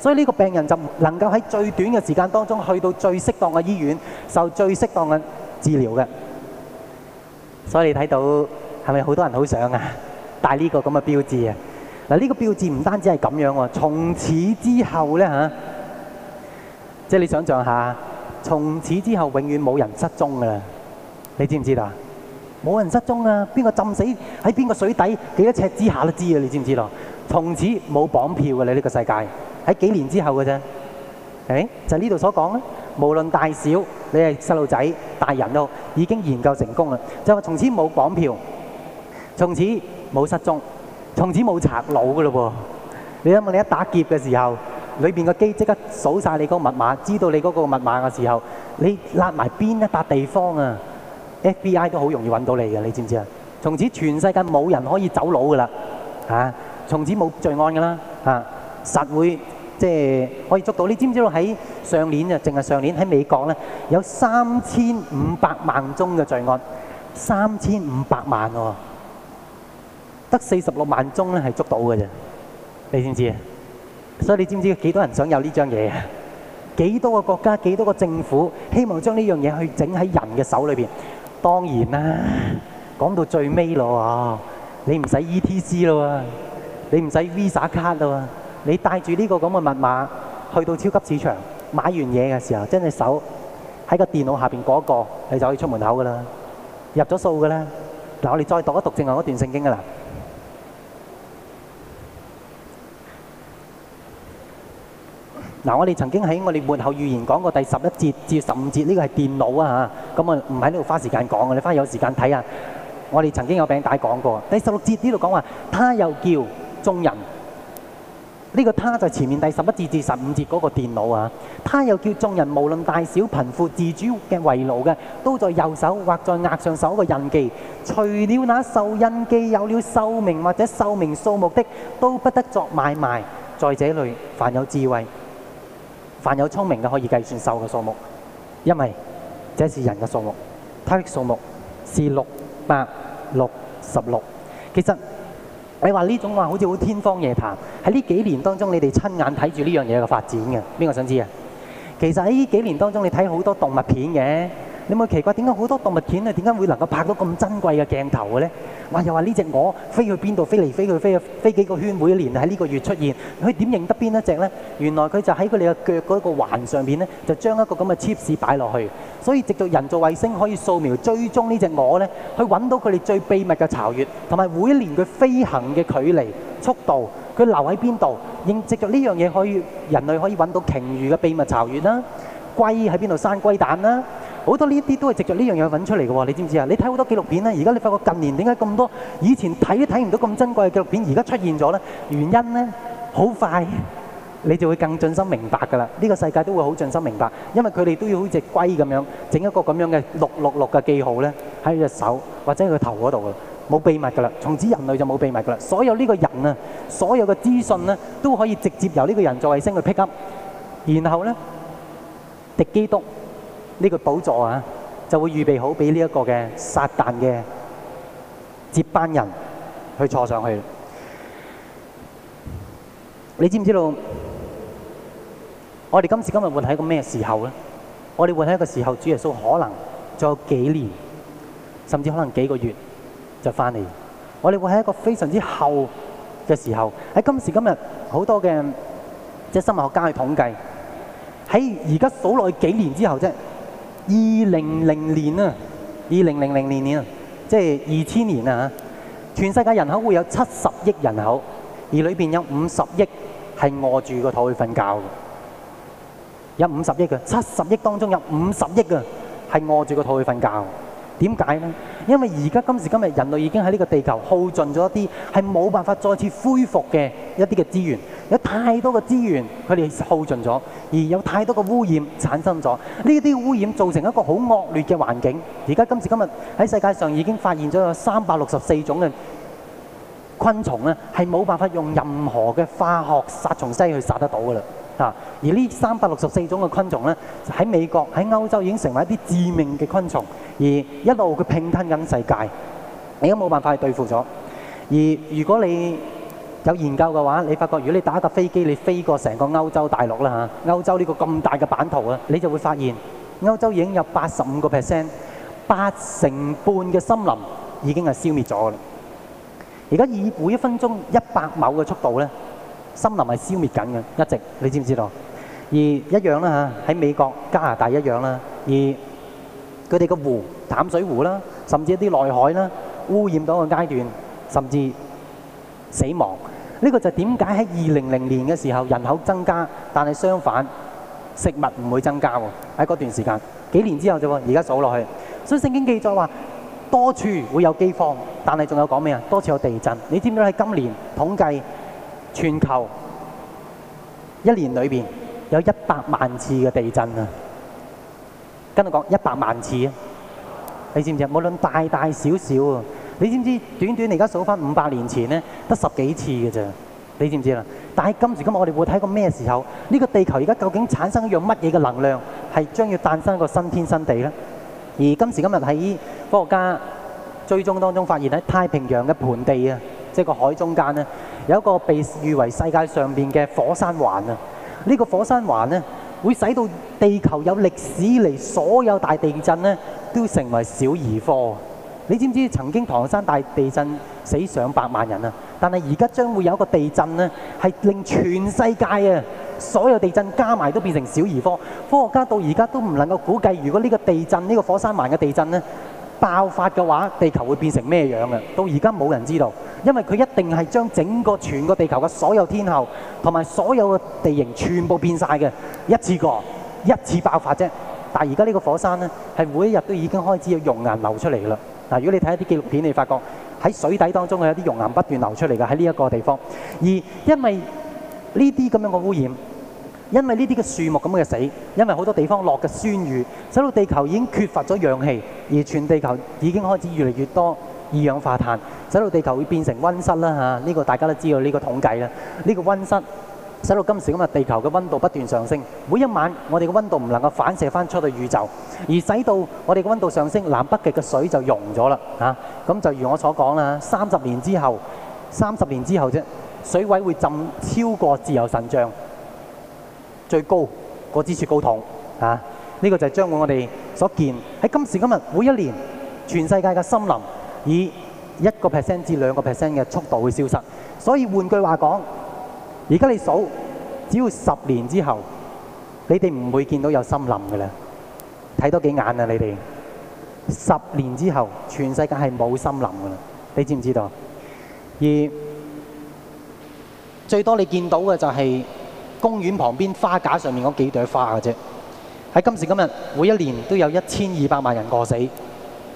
所以呢個病人就能夠喺最短嘅時間當中去到最適當嘅醫院受最適當嘅治療嘅。所以你睇到係咪好多人好想啊？帶呢個咁嘅標誌啊！嗱，呢個標誌唔單止係咁樣喎。從此之後咧嚇，即係你想象下，從此之後永遠冇人失蹤㗎啦。你知唔知啊？冇人失蹤啊！邊個浸死喺邊個水底幾多尺之下都知啊！你知唔知咯？從此冇綁票㗎。你呢個世界喺幾年之後嘅啫。誒，就呢度所講啦。無論大小，你係細路仔、大人都已經研究成功啦。就話從此冇綁票，從此。冇失蹤，從此冇賊佬噶咯喎！你有冇？你一打劫嘅時候，裏面個機即刻數曬你嗰個密碼，知道你嗰個密碼嘅時候，你揦埋邊一笪地方啊？FBI 都好容易揾到你嘅，你知唔知啊？從此全世界冇人可以走佬噶啦！嚇，從此冇罪案噶啦！嚇，實會即係可以捉到你。知唔知道喺上年就淨係上年喺美國呢，有三千五百萬宗嘅罪案，三千五百萬喎！得四十六萬宗咧，係捉到嘅啫。你知唔知啊？所以你知唔知幾多人想有呢張嘢啊？幾多個國家、幾多個政府希望將呢樣嘢去整喺人嘅手裏邊？當然啦，講到最尾咯喎，你唔使 E T C 咯，你唔使 Visa 卡咯，你帶住呢個咁嘅密碼去到超級市場買完嘢嘅時候，將隻手喺個電腦下邊嗰個，你就可以出門口噶啦，入咗數噶啦。嗱，我哋再讀一讀最後一段聖經噶啦。嗱、啊，我哋曾經喺我哋末後預言講過第十一節至十五節呢個係電腦啊嚇，咁啊唔喺呢度花時間講嘅，你翻有時間睇我哋曾經有餅帶講過第十六節呢度講話，他又叫眾人呢、這個他就前面第十一節至十五節嗰個電腦啊，他又叫眾人無論大小貧富自主嘅為奴嘅，都在右手或在額上手的個印記，除了那受印記有了獸名或者獸名數目的都不得作買賣，在這裡，凡有智慧。凡有聰明嘅可以計算獸嘅數目，因為這是人嘅數目，t 它嘅數目是六百六十六。其實你話呢種話好似好天方夜譚，喺呢幾年當中，你哋親眼睇住呢樣嘢嘅發展嘅，邊個想知啊？其實喺呢幾年當中，你睇好多動物片嘅。你有冇奇怪點解好多動物片啊？點解會能夠拍到咁珍貴嘅鏡頭嘅呢？又話呢隻鵝，飛去邊度飛嚟飛去飛幾個圈，每一年喺呢個月出現。佢點認得邊一隻呢？原來佢就喺佢哋嘅腳嗰個環上面呢，就將一個咁嘅 chip 擺落去。所以直到人造衛星可以掃描追蹤呢隻鵝呢，去揾到佢哋最秘密嘅巢穴，同埋每年佢飛行嘅距離、速度，佢留喺邊度。應藉著呢樣嘢可以，人類可以揾到鯨魚嘅秘密巢穴啦，龜喺邊度生龜蛋啦。好多呢啲都係藉著呢樣嘢揾出嚟嘅喎，你知唔知啊？你睇好多紀錄片咧，而家你發覺近年點解咁多以前睇都睇唔到咁珍貴嘅紀錄片，而家出現咗咧？原因咧，好快你就會更盡心明白㗎啦。呢個世界都會好盡心明白，因為佢哋都要好似隻龜咁樣整一個咁樣嘅六六六嘅記號咧，喺佢隻手或者個頭嗰度嘅，冇秘密㗎啦。從此人類就冇秘密㗎啦。所有呢個人啊，所有嘅資訊咧，都可以直接由呢個人造衛星去 pick up，然後咧，敵基督。呢個寶座啊，就會預備好俾呢一個嘅撒旦嘅接班人去坐上去。你知唔知道？我哋今時今日活喺一個咩時候咧？我哋活喺一個時候，主耶穌可能仲有幾年，甚至可能幾個月就翻嚟。我哋會喺一個非常之後嘅時候。喺今時今日，好多嘅即係生物學家去統計，喺而家數落去幾年之後啫。二零零年啊，二零零零年啊，即係二千年啊吓，全世界人口會有七十億人口，而裏邊有五十億係餓住個肚去瞓覺嘅，有五十億嘅，七十億當中有五十億嘅係餓住個肚去瞓覺，點解咧？因為而家今時今日人類已經喺呢個地球耗盡咗一啲係冇辦法再次恢復嘅一啲嘅資源，有太多嘅資源佢哋耗盡咗，而有太多嘅污染產生咗。呢啲污染造成一個好惡劣嘅環境。而家今時今日喺世界上已經發現咗有三百六十四種嘅昆蟲，呢係冇辦法用任何嘅化學殺蟲劑去殺得到㗎喇。啊！而呢三百六十四種嘅昆蟲咧，喺美國、喺歐洲已經成為一啲致命嘅昆蟲，而一路佢併吞緊世界，你都冇辦法去對付咗。而如果你有研究嘅話，你發覺如果你打一架飛機，你飛過成個歐洲大陸啦嚇、啊，歐洲呢個咁大嘅版圖啊，你就會發現歐洲已經有八十五個 percent，八成半嘅森林已經係消滅咗啦。而家以每一分鐘一百畝嘅速度咧。森林係消滅緊嘅，一直你知唔知道？而一樣啦嚇，喺美國、加拿大一樣啦。而佢哋個湖、淡水湖啦，甚至一啲內海啦，污染到個階段，甚至死亡。呢個就點解喺二零零年嘅時候人口增加，但係相反食物唔會增加喎。喺嗰段時間，幾年之後啫喎，而家數落去。所以聖經記載話多處會有饑荒，但係仲有講咩啊？多處有地震。你知唔知喺今年統計？全球一年裏邊有一百萬次嘅地震啊！跟住講一百萬次，啊。你知唔知？無論大大小小啊，你知唔知？短短而家數翻五百年前咧，得十幾次嘅咋？你知唔知啊？但係今時今日，我哋會睇過咩時候？呢、呢個地球而家究竟產生一樣乜嘢嘅能量，係將要誕生一個新天新地咧？而今時今日喺科學家追蹤當中發現喺太平洋嘅盆地啊，即係個海中間咧。有一個被譽為世界上面嘅火山環啊！呢個火山環呢，會使到地球有歷史嚟所有大地震呢，都成為小兒科。你知唔知曾經唐山大地震死上百萬人啊？但係而家將會有一個地震呢，係令全世界啊所有地震加埋都變成小兒科。科學家到而家都唔能夠估計，如果呢個地震、呢個火山環嘅地震呢。爆發嘅話，地球會變成咩樣嘅？到而家冇人知道，因為佢一定係將整個全個地球嘅所有天候同埋所有嘅地形全部變晒嘅，一次過一次爆發啫。但係而家呢個火山呢，係每一日都已經開始有熔岩流出嚟嘅啦。嗱，如果你睇一啲紀錄片，你發覺喺水底當中係有啲熔岩不斷流出嚟嘅，喺呢一個地方。而因為呢啲咁樣嘅污染。因為呢啲嘅樹木咁嘅死，因為好多地方落嘅酸雨，使到地球已經缺乏咗氧氣，而全地球已經開始越嚟越多二氧化碳，使到地球會變成溫室啦嚇。呢個大家都知道呢個統計啦，呢個溫室使到今時咁啊，地球嘅溫度不斷上升。每一晚我哋嘅溫度唔能夠反射翻出到宇宙，而使到我哋嘅溫度上升，南北極嘅水就溶咗啦嚇。咁、啊、就如我所講啦，三十年之後，三十年之後啫，水位會浸超過自由神像。最高嗰支雪糕筒啊！呢、這個就係將會我哋所見。喺今時今日，每一年，全世界嘅森林以一個 percent 至兩個 percent 嘅速度會消失。所以換句話講，而家你數，只要十年之後，你哋唔會見到有森林噶啦。睇多幾眼啊你哋！你哋十年之後，全世界係冇森林噶啦。你知唔知道？而最多你見到嘅就係、是。公園旁邊花架上面嗰幾朵花嘅啫。喺今時今日，每一年都有一千二百萬人餓死。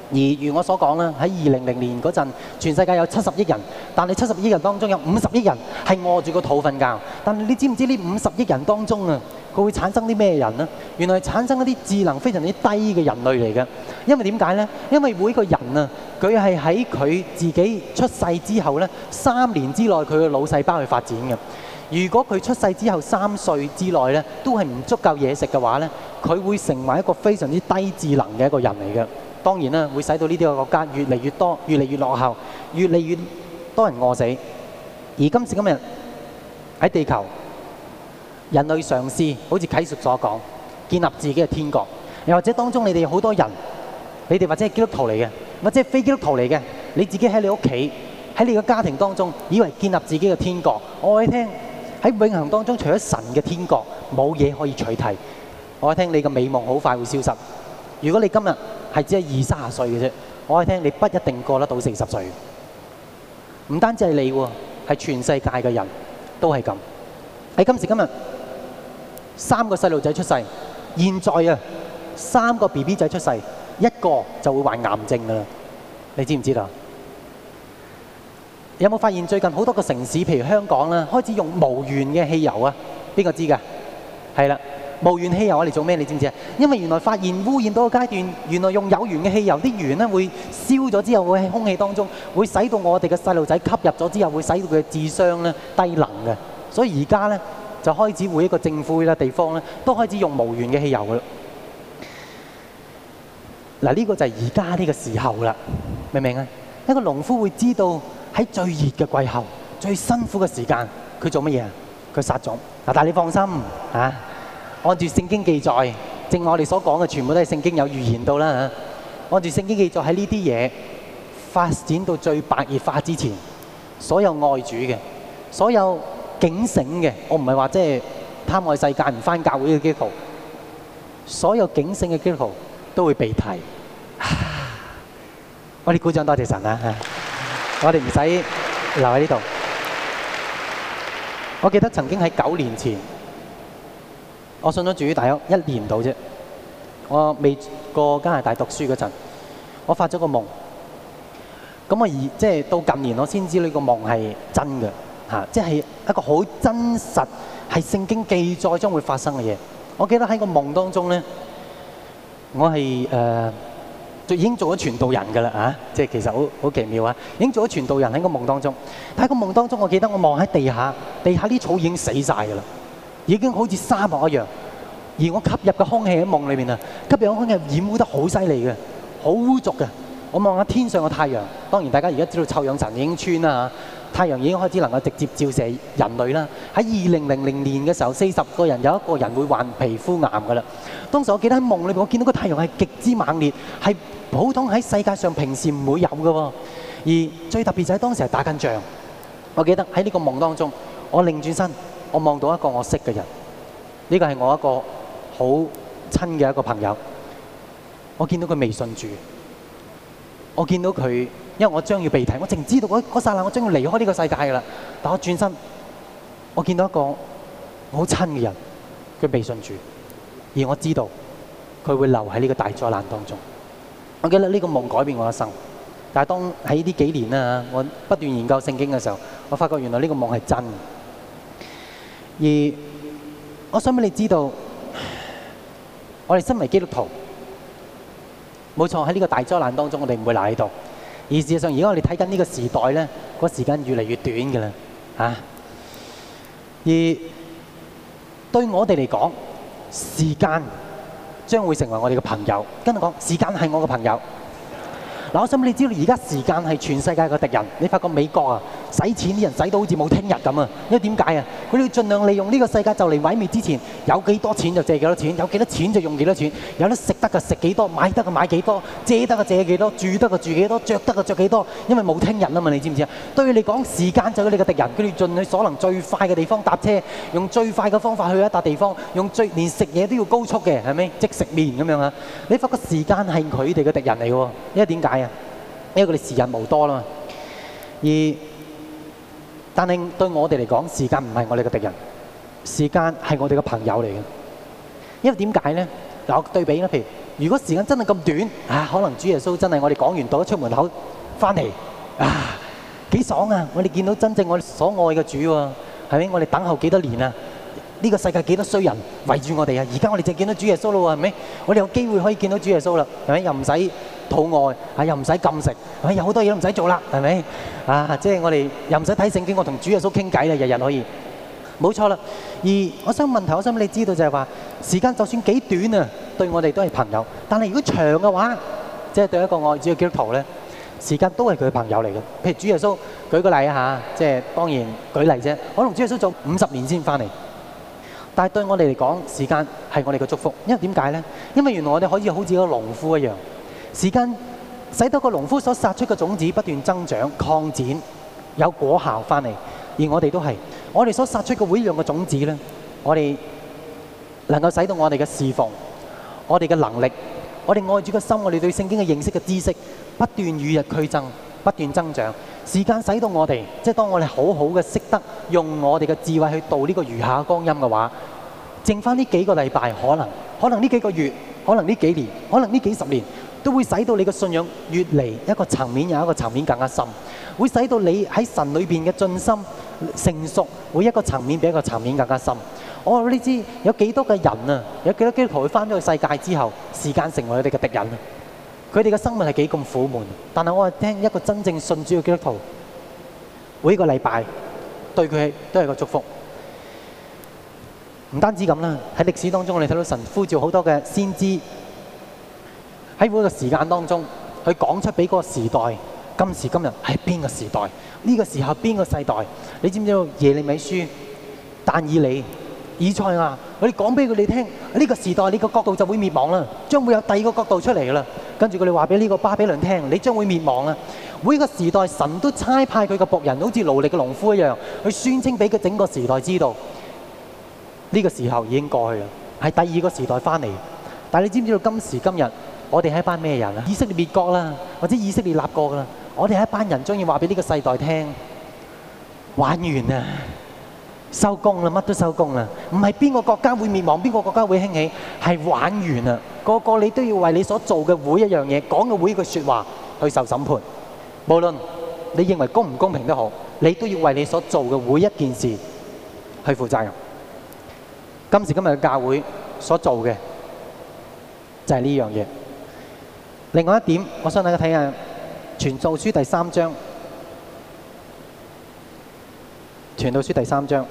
而如我所講啦，喺二零零年嗰陣，全世界有七十億人，但係七十億人當中有五十億人係餓住個肚瞓覺。但係你知唔知呢五十億人當中啊，佢會產生啲咩人呢？原來是產生一啲智能非常之低嘅人類嚟嘅。因為點解呢？因為每個人啊，佢係喺佢自己出世之後呢，三年之內佢嘅腦細胞去發展嘅。如果佢出世之後三歲之內咧，都係唔足夠嘢食嘅話咧，佢會成為一個非常之低智能嘅一個人嚟嘅。當然啦，會使到呢啲嘅國家越嚟越多，越嚟越落後，越嚟越多人餓死。而今時今日喺地球，人類嘗試好似啟叔所講，建立自己嘅天國，又或者當中你哋好多人，你哋或者係基督徒嚟嘅，或者係非基督徒嚟嘅，你自己喺你屋企喺你個家庭當中，以為建立自己嘅天國，我聽。喺永恆當中，除咗神嘅天國，冇嘢可以取替。我聽你，你的美夢好快會消失。如果你今日係只係二三十歲嘅啫，我聽你，你不一定過得到四十歲。唔單止係你喎，係全世界嘅人都係咁。喺今時今日，三個細路仔出世，現在啊三個 B B 仔出世，一個就會患癌症㗎啦。你知唔知道？有冇發現最近好多個城市，譬如香港開始用無鉛嘅汽油啊？邊個知㗎？係啦，無鉛汽油我哋做咩？你知唔知？因為原來發現污染到個階段，原來用有鉛嘅汽油啲鉛會燒咗之後，會喺空氣當中會使到我哋嘅細路仔吸入咗之後，會使佢嘅智商低能㗎。所以而家就開始每一個政府的地方都開始用無鉛嘅汽油㗎喇。嗱，呢個就係而家呢個時候喇，明唔明啊？一個農夫會知道。喺最熱嘅季候，最辛苦嘅時間，佢做乜嘢啊？佢殺咗，嗱，但係你放心啊，按住聖經記載，正如我哋所講嘅，全部都係聖經有預言到啦吓，啊。按住聖經記載，喺呢啲嘢發展到最白熱化之前，所有愛主嘅、所有警醒嘅，我唔係話即係貪愛世界唔返教會嘅基督徒，所有警醒嘅基督徒都會被提，啊。我哋鼓掌，多謝神啊吓！啊我哋唔使留喺呢度。我記得曾經喺九年前，我信咗主，大概一年到啫。我未過加拿大讀書嗰陣，我發咗個夢。咁我而即係到近年，我先知呢個夢係真嘅，嚇！即係一個好真實，係聖經記載將會發生嘅嘢。我記得喺個夢當中呢，我係，呃。就已經做咗傳道人噶啦嚇，即係其實好好奇妙啊！已經做咗傳道人喺個夢當中，但喺個夢當中，我記得我望喺地下，地下啲草已經死晒噶啦，已經好似沙漠一樣。而我吸入嘅空氣喺夢裏面啊，吸入嘅空氣染污得好犀利嘅，好污濁嘅。我望下天上嘅太陽，當然大家而家知道臭氧層已經穿啦嚇，太陽已經開始能夠直接照射人類啦。喺二零零零年嘅時候，四十個人有一個人會患皮膚癌噶啦。當時我記得喺夢裏面，我見到個太陽係極之猛烈，係。普通喺世界上平時唔會有嘅，而最特別就係當時係打緊仗。我記得喺呢個夢當中，我擰轉身，我望到一個我識嘅人，呢個係我一個好親嘅一個朋友。我見到佢未信主。我見到佢，因為我將要被提，我淨知道嗰嗰剎那我將要離開呢個世界噶啦。但我轉身，我見到一個好親嘅人，佢未信主，而我知道佢會留喺呢個大災難當中。我記得呢個夢改變我一生，但係當喺呢幾年啊，我不斷研究聖經嘅時候，我發覺原來呢個夢係真嘅。而我想俾你知道，我哋身為基督徒，冇錯，喺呢個大災難當中，我哋唔會留喺度。而事實上，而家我哋睇緊呢個時代咧，個時間越嚟越短嘅啦，吓。而對我哋嚟講，時間。將會成為我哋嘅朋友，跟佢講時間係我嘅朋友。嗱，我想你知道而家時間係全世界嘅敵人，你發覺美國啊。使錢啲人使到好似冇聽日咁啊！因為點解啊？佢哋要盡量利用呢個世界就嚟毀滅之前，有幾多錢就借幾多錢，有幾多錢就用幾多錢，有得食得就食幾多，買得就買幾多，借得就借幾多，住得就住幾多，着得就着幾多，着着多。因為冇聽日啊嘛，你知唔知啊？對你講，時間就係你嘅敵人，佢哋盡佢所能最快嘅地方搭車，用最快嘅方法去一笪地方，用最連食嘢都要高速嘅，係咪即食麪咁樣啊？你發覺時間係佢哋嘅敵人嚟嘅，因為點解啊？因為佢哋時日無多啦嘛，而但係對我哋嚟講，時間唔係我哋嘅敵人，時間係我哋嘅朋友嚟嘅。因為點解咧？嗱，對比咧，譬如如果時間真係咁短，啊，可能主耶穌真係我哋講完，到咗出門口，翻嚟，啊，幾爽啊！我哋見到真正我哋所愛嘅主喎，係咪？我哋等候幾多年啊？呢個世界幾多衰人圍住我哋啊！而家我哋淨見到主耶穌啦喎，係咪？我哋有機會可以見到主耶穌啦，係咪？又唔使肚餓啊，又唔使禁食，係咪？有好多嘢都唔使做啦，係咪？啊，即係我哋又唔使睇聖經，我同主耶穌傾偈啦，日日可以，冇錯啦。而我想問你，我想你知道就係話時間就算幾短啊，對我哋都係朋友。但係如果長嘅話，即係對一個愛主嘅基督徒呢，時間都係佢嘅朋友嚟嘅。譬如主耶穌舉個例嚇，即係當然舉例啫。我同主耶穌做五十年先返嚟。但係對我哋嚟講，時間係我哋嘅祝福，因為點解呢？因為原來我哋可以好似個農夫一樣，時間使到個農夫所撒出嘅種子不斷增長、擴展，有果效返嚟。而我哋都係，我哋所撒出嘅每一樣嘅種子呢，我哋能夠使到我哋嘅侍奉、我哋嘅能力、我哋愛主嘅心、我哋對聖經嘅認識嘅知識不斷與日俱增，不斷增長。時間使到我哋，即係當我哋好好嘅識得用我哋嘅智慧去度呢個餘下嘅光陰嘅話，剩翻呢幾個禮拜，可能，可能呢幾個月，可能呢幾年，可能呢幾十年，都會使到你嘅信仰越嚟一個層面又一個層面更加深，會使到你喺神裏面嘅信心成熟，每一個層面比一個層面更加深。我話你知有幾多嘅人啊，有幾多基督徒翻咗去世界之後，時間成為你哋嘅敵人啊！他們的生活係幾咁苦悶，但係我係聽一個真正信主的基督徒，每一個禮拜對他都是一個祝福。不單止這樣，在歷史當中，我們看到神呼召好多的先知，喺每個時間當中，佢講出俾嗰個時代。今時今日是、哎、哪個時代？呢、這個時候是哪個世代？你知不知道耶利米書？但以理以賽亞？我哋講俾佢哋聽，呢個時代呢個國度就會滅亡啦，將會有第二個國度出嚟啦。跟住佢哋話俾呢個巴比倫聽，你將會滅亡啦。每個時代神都差派佢個僕人，好似勞力嘅農夫一樣，去宣稱俾佢整個時代知道，呢個時候已經過去啦，係第二個時代返嚟。但你知唔知道今時今日我哋係一班咩人啊？以色列滅國啦，或者以色列立國啦，我哋係一班人，將要話俾呢個世代聽，玩完啊！收工啦，乜都收工啦。唔係邊個國家會滅亡，邊個國家會興起，係玩完啦。個個你都要為你所做嘅每一樣嘢、講嘅每一句說話去受審判。無論你認為公唔公平都好，你都要為你所做嘅每一件事去負責任。今時今日嘅教會所做嘅就係呢樣嘢。另外一點，我想大家睇下《傳道書》第三章，《傳道書》第三章。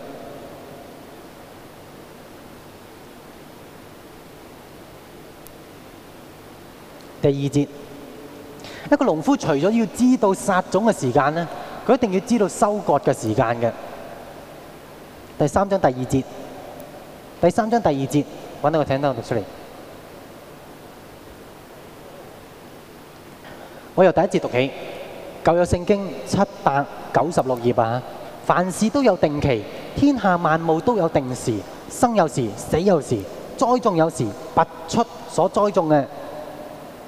第二節，一個農夫除咗要知道撒種嘅時間咧，佢一定要知道收割嘅時間嘅。第三章第二節，第三章第二節，搵到個請單我讀出嚟。我由第一節讀起，舊約聖經七百九十六頁啊，凡事都有定期，天下萬物都有定時，生有時，死有時，栽種有時，有時拔出所栽種嘅。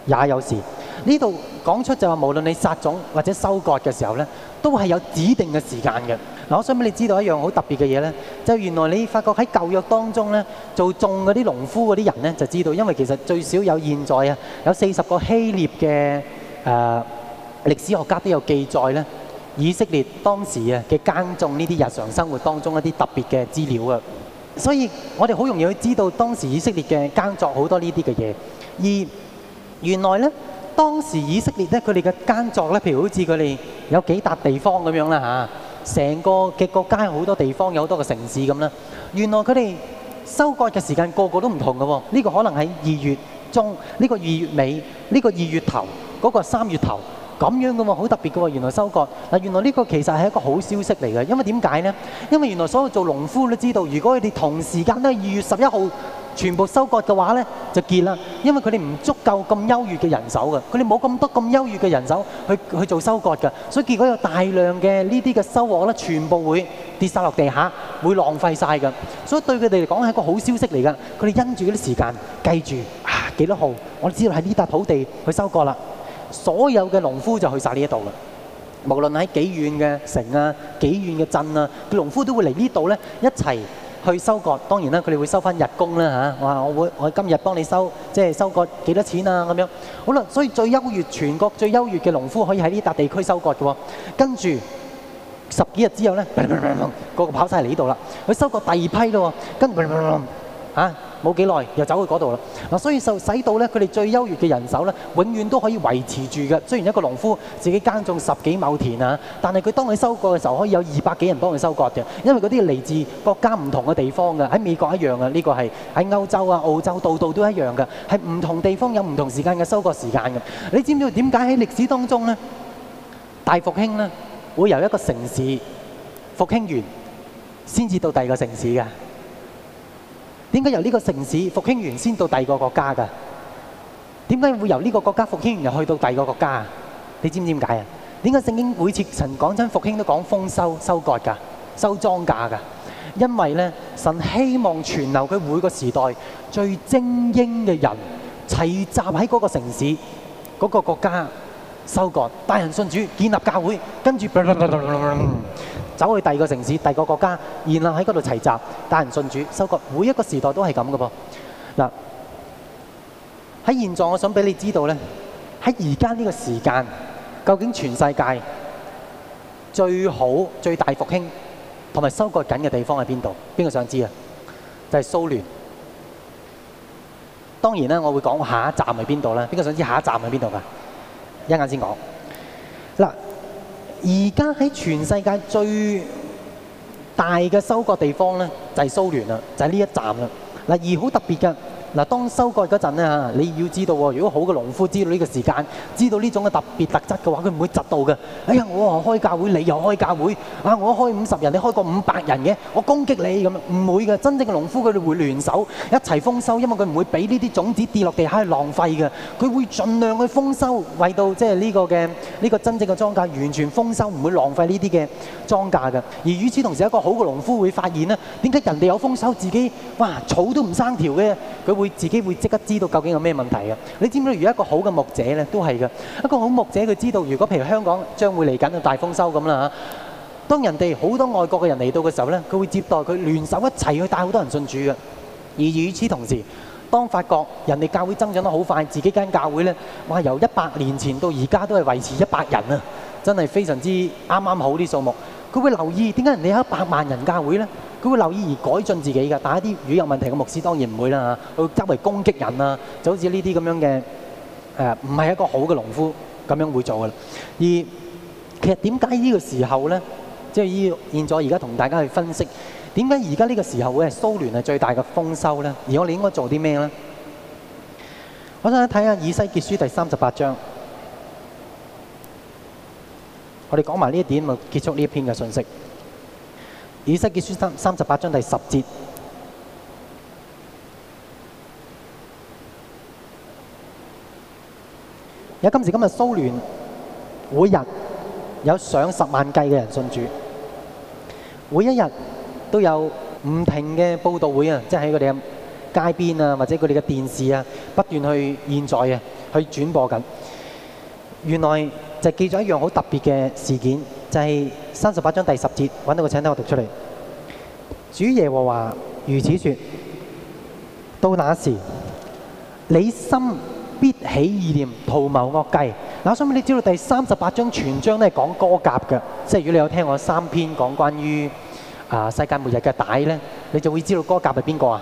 也有時，呢度講出就話無論你撒種或者收割嘅時候咧，都係有指定嘅時間嘅。嗱，我想俾你知道一樣好特別嘅嘢咧，就原來你發覺喺舊約當中咧，做種嗰啲農夫嗰啲人咧，就知道，因為其實最少有現在啊，有四十個希臘嘅誒歷史學家都有記載咧，以色列當時啊嘅耕種呢啲日常生活當中一啲特別嘅資料啊，所以我哋好容易去知道當時以色列嘅耕作好多呢啲嘅嘢，而原來呢，當時以色列咧，佢哋嘅耕作呢，譬如好似佢哋有幾笪地方咁樣啦吓，成、啊、個嘅國家好多地方，有好多個城市咁啦。原來佢哋收割嘅時間個個都唔同嘅喎、哦，呢、這個可能喺二月中，呢、這個二月尾，呢、這個二月頭,、這個、月頭，嗰、那、三、個、月頭，咁樣嘅喎、哦，好特別嘅喎、哦。原來收割嗱，原來呢個其實係一個好消息嚟嘅，因為點解呢？因為原來所有做農夫都知道，如果佢哋同時間都係二月十一號。全部收割嘅話呢，就結啦，因為佢哋唔足夠咁優越嘅人手嘅，佢哋冇咁多咁優越嘅人手去去做收割嘅，所以結果有大量嘅呢啲嘅收穫呢，全部會跌晒落地下，會浪費晒㗎。所以對佢哋嚟講係一個好消息嚟㗎，佢哋因住嗰啲時間，記住啊幾多號，我知道喺呢笪土地去收割啦，所有嘅農夫就去晒呢一度啦。無論喺幾遠嘅城啊、幾遠嘅鎮啊，農夫都會嚟呢度呢一齊，去收割，當然啦，佢哋會收翻日工啦嚇，我話我會，我今日幫你收，即係收割幾多錢啊咁樣。好啦，所以最優越全國最優越嘅農夫可以喺呢笪地區收割嘅喎。跟住十幾日之後咧，個個跑晒嚟呢度啦，佢收割第二批咯喎，跟住嚇。啊冇幾耐又走去嗰度啦，嗱，所以就使到咧佢哋最優越嘅人手咧，永遠都可以維持住嘅。雖然一個農夫自己耕種十幾畝田啊，但係佢當佢收割嘅時候，可以有二百幾人幫佢收割嘅。因為嗰啲嚟自國家唔同嘅地方嘅，喺美國一樣啊，呢個係喺歐洲啊、澳洲度度都一樣嘅，係唔同地方有唔同時間嘅收割時間嘅。你知唔知道點解喺歷史當中咧大復興咧會由一個城市復興完先至到第二個城市嘅？點解由呢個城市復興完先到第二個國家噶？點解會由呢個國家復興完又去到第二個國家啊？你知唔知點解啊？點解聖經每次神講真復興都講豐收、收割噶、收莊稼噶？因為咧，神希望存留佢每個時代最精英嘅人，齊集喺嗰個城市、嗰、嗰個國家，收割，帶人信主，建立教會，跟住。 走去第二個城市、第二個國家，然後喺嗰度齊集，帶人信主、收割。每一個時代都係咁嘅噃。嗱，喺現狀，我想俾你知道咧，喺而家呢個時間，究竟全世界最好、最大復興同埋收割緊嘅地方係邊度？邊個想知啊？就係、是、蘇聯。當然咧，我會講下一站係邊度啦。邊個想知下一站係邊度㗎？一陣間先講。嗱。而家喺全世界最大嘅收割地方咧，就係蘇聯啦，就係呢一站啦。嗱，而好特別嘅。當收割嗰陣，你要知道。如果好嘅農夫知道呢個時間，知道呢種特別特質嘅話，佢唔會窒到嘅，哎呀，我開教會，你又開教會，啊，我開五十人，你開個五百人嘅，我攻擊你咁啊，唔會嘅。真正嘅農夫佢哋會聯手一齊豐收，因為佢唔會俾呢啲種子跌落地去浪費嘅，係浪費嘅，佢會盡量去豐收，為到即係呢個嘅呢個真正嘅莊稼完全豐收，唔會浪費呢啲嘅莊稼嘅。而與此同時，一個好嘅農夫會發現呢，點解人哋有豐收，自己哇草都唔生條嘅？會自己會即刻知道究竟有咩問題嘅。你知唔知？如果一個好嘅牧者呢，都係嘅。一個好牧者佢知道，如果譬如香港將會嚟緊嘅大豐收咁啦嚇。當人哋好多外國嘅人嚟到嘅時候呢，佢會接待佢聯手一齊去帶好多人信主嘅。而與此同時，當發覺人哋教會增長得好快，自己間教會呢，哇！由一百年前到而家都係維持一百人啊，真係非常之啱啱好啲數目。佢會留意點解人哋喺百萬人教會呢？佢會留意而改進自己的，但係啲語有問題嘅牧師當然唔會啦，佢周圍攻擊人啊，就好似呢啲咁樣嘅，唔係一個好嘅農夫咁樣會做的啦。而其實點解呢個時候呢？即係現在而家同大家去分析，點解而家呢個時候呢蘇聯係最大嘅豐收呢？而我哋應該做啲咩呢？我想睇下以西結書第三十八章。我哋講埋呢一點，咪結束呢一篇嘅信息。以西結書三三十八章第十節，而家今時今日蘇聯每日有上十萬計嘅人信主，每一日都有唔停嘅報道會啊，即係喺佢哋嘅街邊啊，或者佢哋嘅電視啊，不斷去現在啊去轉播緊。原來。就記咗一樣好特別嘅事件，就係三十八章第十節，揾到個，請等我讀出嚟。主耶和華如此説：到那時，你心必起意念，圖謀惡計。嗱、啊，我想畀你知道第三十八章全章都係講歌甲嘅。即係如果你有聽我三篇講關於啊、呃、世界末日嘅帶咧，你就會知道歌甲係邊個啊？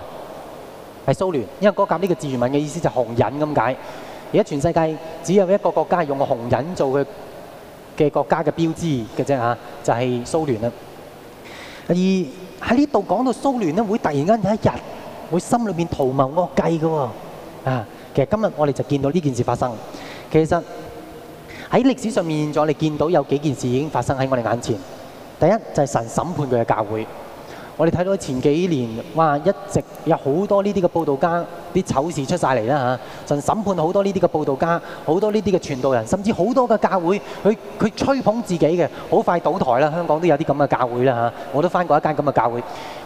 係蘇聯，因為歌甲呢個字原文嘅意思就紅人咁解。而家全世界只有一個國家用紅人做嘅國家嘅標誌嘅啫，就係蘇聯。而喺呢度講到蘇聯，會突然間有一日會心裏面圖謀惡計嘅喎啊！其實今日我哋就見到呢件事發生。其實喺歷史上面在，我哋見到有幾件事已經發生喺我哋眼前。第一就係神審判佢嘅教會。我哋睇到前幾年，哇！一直有好多呢啲嘅報道家，啲醜事出晒嚟啦嚇，神審判好多呢啲嘅報道家，好多呢啲嘅傳道人，甚至好多嘅教會，佢吹捧自己嘅，好快倒台啦！香港都有啲咁嘅教會啦嚇，我都翻過一間咁嘅教會。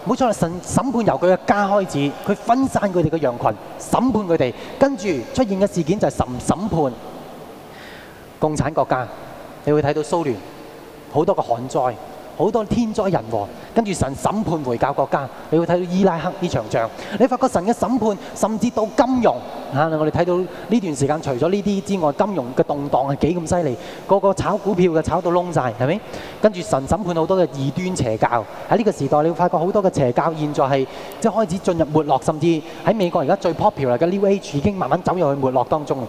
冇錯啦，神審判由佢嘅家開始，佢分散佢哋嘅羊群，審判佢哋，跟住出現嘅事件就係神審判共產國家，你會睇到蘇聯好多嘅旱災。好多天災人禍，跟住神審判回教國家，你會睇到伊拉克呢場仗。你發覺神嘅審判，甚至到金融，啊，我哋睇到呢段時間，除咗呢啲之外，金融嘅動盪係幾咁犀利，個個炒股票嘅炒到窿晒。係咪？跟住神審判好多嘅異端邪教喺呢個時代，你會發覺好多嘅邪教現在係即係開始進入沒落，甚至喺美國而家最 popular 嘅 New Age 已經慢慢走入去沒落當中啦。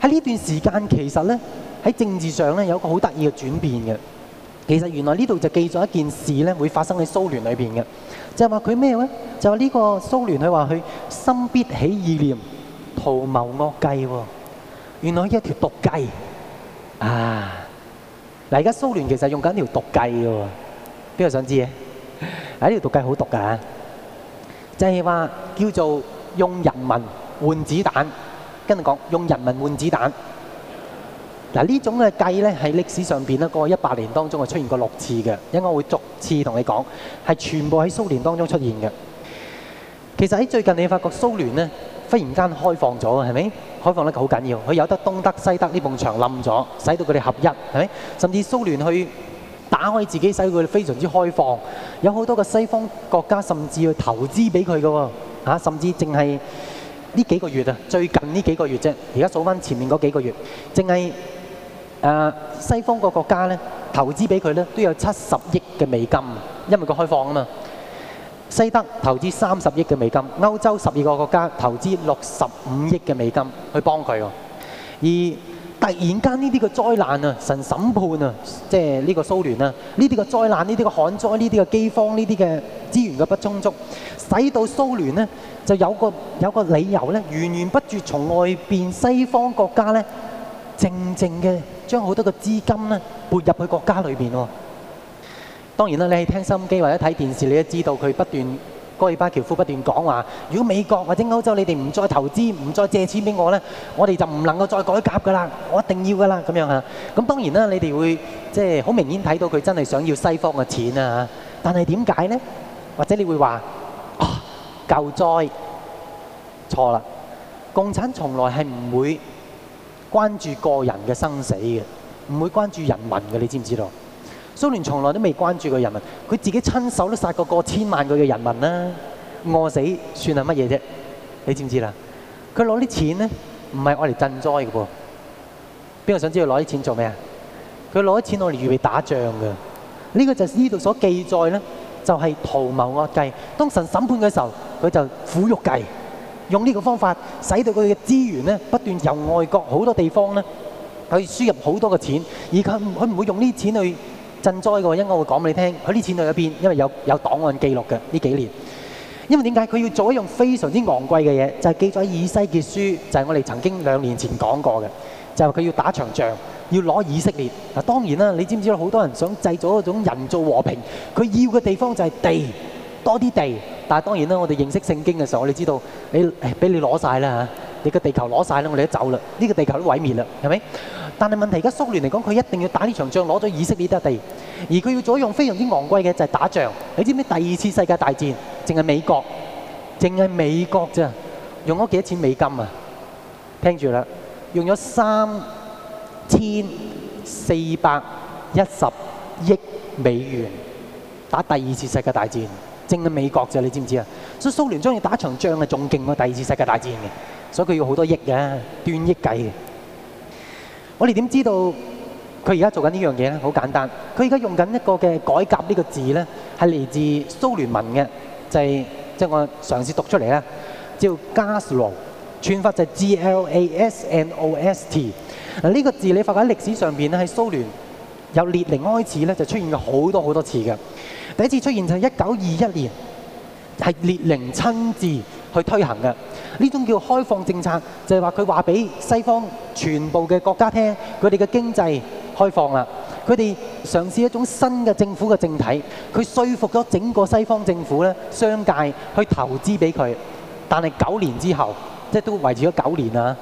喺呢段時間，其實呢，喺政治上呢，有一個好得意嘅轉變嘅。其實原來呢度就記咗一件事咧，會發生喺蘇聯裏邊嘅，就係話佢咩咧？就係呢個蘇聯佢話佢心必起意念，圖謀惡計喎、哦。原來一條毒計啊！嗱，而家蘇聯其實用緊條毒計嘅喎，邊個想知啊？呢條毒計好毒噶、啊，就係、是、話叫做用人民換子彈。跟住講用人民換子彈。嗱呢種嘅計咧，喺歷史上邊咧過去一百年當中係出現過六次嘅，一陣我會逐次同你講，係全部喺蘇聯當中出現嘅。其實喺最近你發覺蘇聯呢，忽然間開放咗啊，係咪？開放得好緊要，佢有得東德西德呢埲牆冧咗，使到佢哋合一，係咪？甚至蘇聯去打開自己，使到佢哋非常之開放，有好多個西方國家甚至去投資俾佢嘅喎，嚇！甚至淨係呢幾個月啊，最近呢幾個月啫，而家數翻前面嗰幾個月，淨係。誒、啊、西方個國家咧投資俾佢咧都有七十億嘅美金，因為佢開放啊嘛。西德投資三十億嘅美金，歐洲十二個國家投資六十五億嘅美金去幫佢。而突然間呢啲個災難啊，神審判啊，即係呢個蘇聯啊，呢啲個災難，呢啲個旱災，呢啲個饑荒，呢啲嘅資源嘅不充足，使到蘇聯呢，就有個有個理由呢，源源不絕從外邊西方國家呢。靜靜嘅將好多個資金呢撥入去國家裏邊喎。當然啦，你係聽收音機或者睇電視，你都知道佢不斷戈爾巴喬夫不斷講話，如果美國或者歐洲你哋唔再投資、唔再借錢俾我呢，我哋就唔能夠再改革噶啦，我一定要噶啦咁樣啊。咁當然啦，你哋會即係好明顯睇到佢真係想要西方嘅錢啊。但係點解呢？或者你會話啊，救災？錯啦，共產從來係唔會。關注個人嘅生死嘅，唔會關注人民嘅，你知唔知道？蘇聯從來都未關注過人民，佢自己親手都殺過過千萬個嘅人民啦，餓死算係乜嘢啫？你知唔知啦？佢攞啲錢咧，唔係攞嚟賑災嘅噃，邊個想知道攞啲錢做咩啊？佢攞啲錢攞嚟預備打仗嘅，呢個就係呢度所記載咧，就係圖謀惡計。當神審判嘅時候，佢就苦欲計。用呢個方法，使到佢嘅資源咧不斷由外國好多地方咧去輸入好多嘅錢。而家佢唔會用呢啲錢去賑災嘅，因為我會講俾你聽，佢呢啲錢去咗邊，因為有有檔案記錄嘅呢幾年。因為點解佢要做一樣非常之昂貴嘅嘢？就係、是、記載以西結書，就係、是、我哋曾經兩年前講過嘅，就係、是、佢要打場仗，要攞以色列。嗱，當然啦，你知唔知道好多人想製造一種人造和平，佢要嘅地方就係地多啲地。但係當然啦，我哋認識聖經嘅時候，我哋知道、哎、俾你俾你攞晒啦嚇，你個地球攞晒啦，我哋都走啦，呢、呢個地球都毀滅啦，係咪？但係問題而家蘇聯嚟講，佢一定要打呢場仗，攞咗以色列嘅地，而佢要採用非常之昂貴嘅就係、係、打仗。你知唔知道第二次世界大戰，淨係美國，淨係美國咋？用咗幾多錢美金啊？聽住啦，用咗三千四百一十億美元打第二次世界大戰。正到美國咋？你知唔知啊？所以蘇聯將要打一場仗啊，仲勁過第二次世界大戰嘅，所以佢要好多億嘅，段億計嘅。我哋點知道佢而家做緊呢樣嘢咧？好簡單，佢而家用緊一個嘅改革呢個字咧，係嚟自蘇聯文嘅，就係即係我嘗試讀出嚟啦，叫 Gaslo，串法就係 Glasnost。嗱呢個字你發覺喺歷史上邊咧，喺蘇聯由列寧開始咧，就出現過好多好多次嘅。第一次出現就係一九二一年，係列寧親自去推行嘅。呢種叫開放政策，就係話佢話俾西方全部嘅國家聽，佢哋嘅經濟開放啦，佢哋嘗試一種新嘅政府嘅政體，佢說服咗整個西方政府咧、商界去投資俾佢。但係九年之後，即係都維持咗九年啦，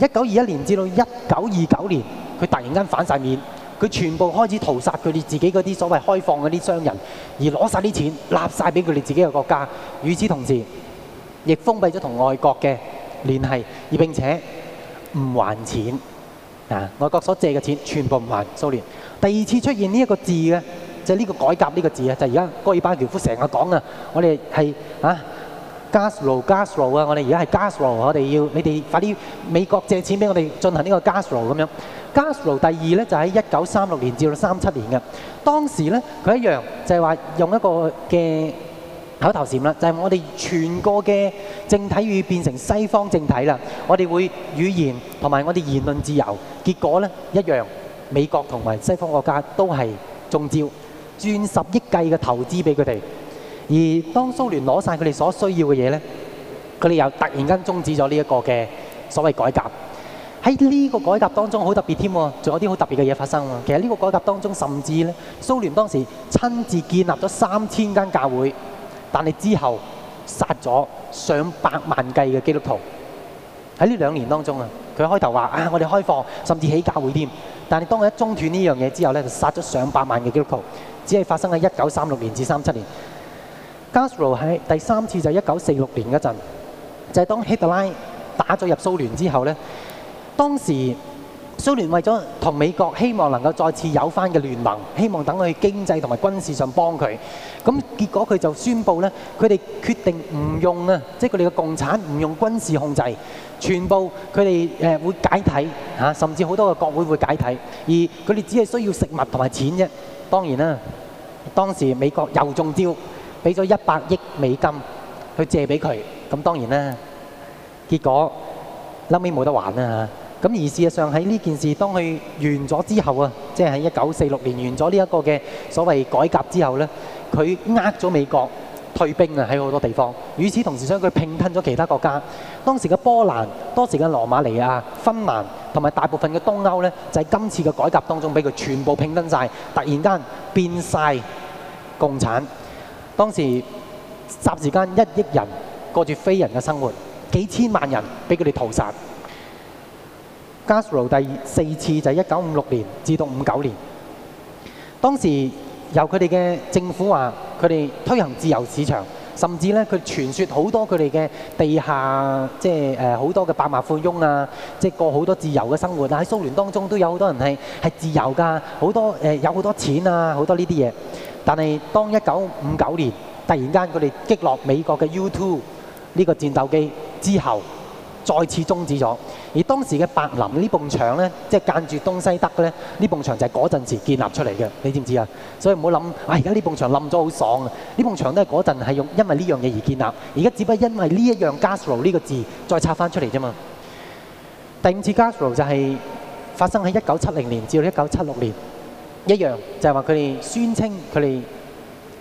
一九二一年至到一九二九年，佢突然間反晒面。佢全部開始屠殺佢哋自己嗰啲所謂開放嗰啲商人，而攞晒啲錢立晒俾佢哋自己嘅國家。與此同時，亦封閉咗同外國嘅聯繫，而並且唔還錢啊！外國所借嘅錢全部唔還。蘇聯第二次出現呢一個字嘅，就係、是、呢個改革呢個字啊！就係而家戈爾巴喬夫成日講啊！El, el, 我哋係啊 g l a s o l 啊！我哋而家係加 l a 我哋要你哋快啲美國借錢俾我哋進行呢個加 l a 咁樣。Gastel 第二咧就喺一九三六年至到三七年嘅，當時咧佢一樣就係話用一個嘅口頭禪啦，就係、是、我哋全個嘅政體要變成西方政體啦，我哋會語言同埋我哋言論自由，結果咧一樣，美國同埋西方國家都係中招，轉十億計嘅投資俾佢哋，而當蘇聯攞晒佢哋所需要嘅嘢咧，佢哋又突然間中止咗呢一個嘅所謂改革。喺呢個改革當中好特別添，仲有啲好特別嘅嘢發生。其實呢個改革當中，甚至呢，蘇聯當時親自建立咗三千間教會，但係之後殺咗上百萬計嘅基督徒。喺呢兩年當中他啊，佢開頭話啊，我哋開放，甚至起教會添。但係當佢一中斷呢樣嘢之後呢，就殺咗上百萬嘅基督徒。只係發生喺一九三六年至三七年。Gustav 喺第三次就一九四六年嗰陣，就係當希特拉打咗入蘇聯之後呢。當時蘇聯為咗同美國，希望能夠再次有返嘅聯盟，希望等佢經濟同埋軍事上幫佢。咁結果佢就宣布咧，佢哋決定唔用啊，即係佢哋嘅共產唔用軍事控制，全部佢哋誒會解體嚇，甚至好多嘅國會會解體。而佢哋只係需要食物同埋錢啫。當然啦，當時美國又中招，俾咗一百億美金去借俾佢。咁當然咧，結果後尾冇得還啦嚇。咁而事實上喺呢件事當佢完咗之後啊，即係喺一九四六年完咗呢一個嘅所謂改革之後呢，佢呃咗美國退兵啊，喺好多地方。與此同時，將佢拼吞咗其他國家。當時嘅波蘭、當時嘅羅馬尼亞、芬蘭同埋大部分嘅東歐呢，就喺、是、今次嘅改革當中，俾佢全部拼吞晒，突然間變晒共產。當時霎時間一億人過住非人嘅生活，幾千萬人俾佢哋屠殺。加紹羅第四次就係一九五六年至到五九年，當時由佢哋嘅政府話，佢哋推行自由市場，甚至咧佢傳説好多佢哋嘅地下，即係誒好多嘅百萬富翁啊，即係過好多自由嘅生活。喺、啊、蘇聯當中都有好多人係係自由噶，好多誒、呃、有好多錢啊，好多呢啲嘢。但係當一九五九年突然間佢哋擊落美國嘅 U2 呢個戰鬥機之後。再次終止咗，而當時嘅柏林呢埲牆呢，即係間住東西德嘅呢埲牆就係嗰陣時建立出嚟嘅，你知唔知啊？所以唔好諗，啊而家呢埲牆冧咗好爽啊！呢埲牆都係嗰陣係用因為呢樣嘢而建立，而家只不過因為呢一樣 gasro 呢個字再拆翻出嚟啫嘛。第五次 gasro 就係發生喺一九七零年至到一九七六年一樣，就係話佢哋宣稱佢哋。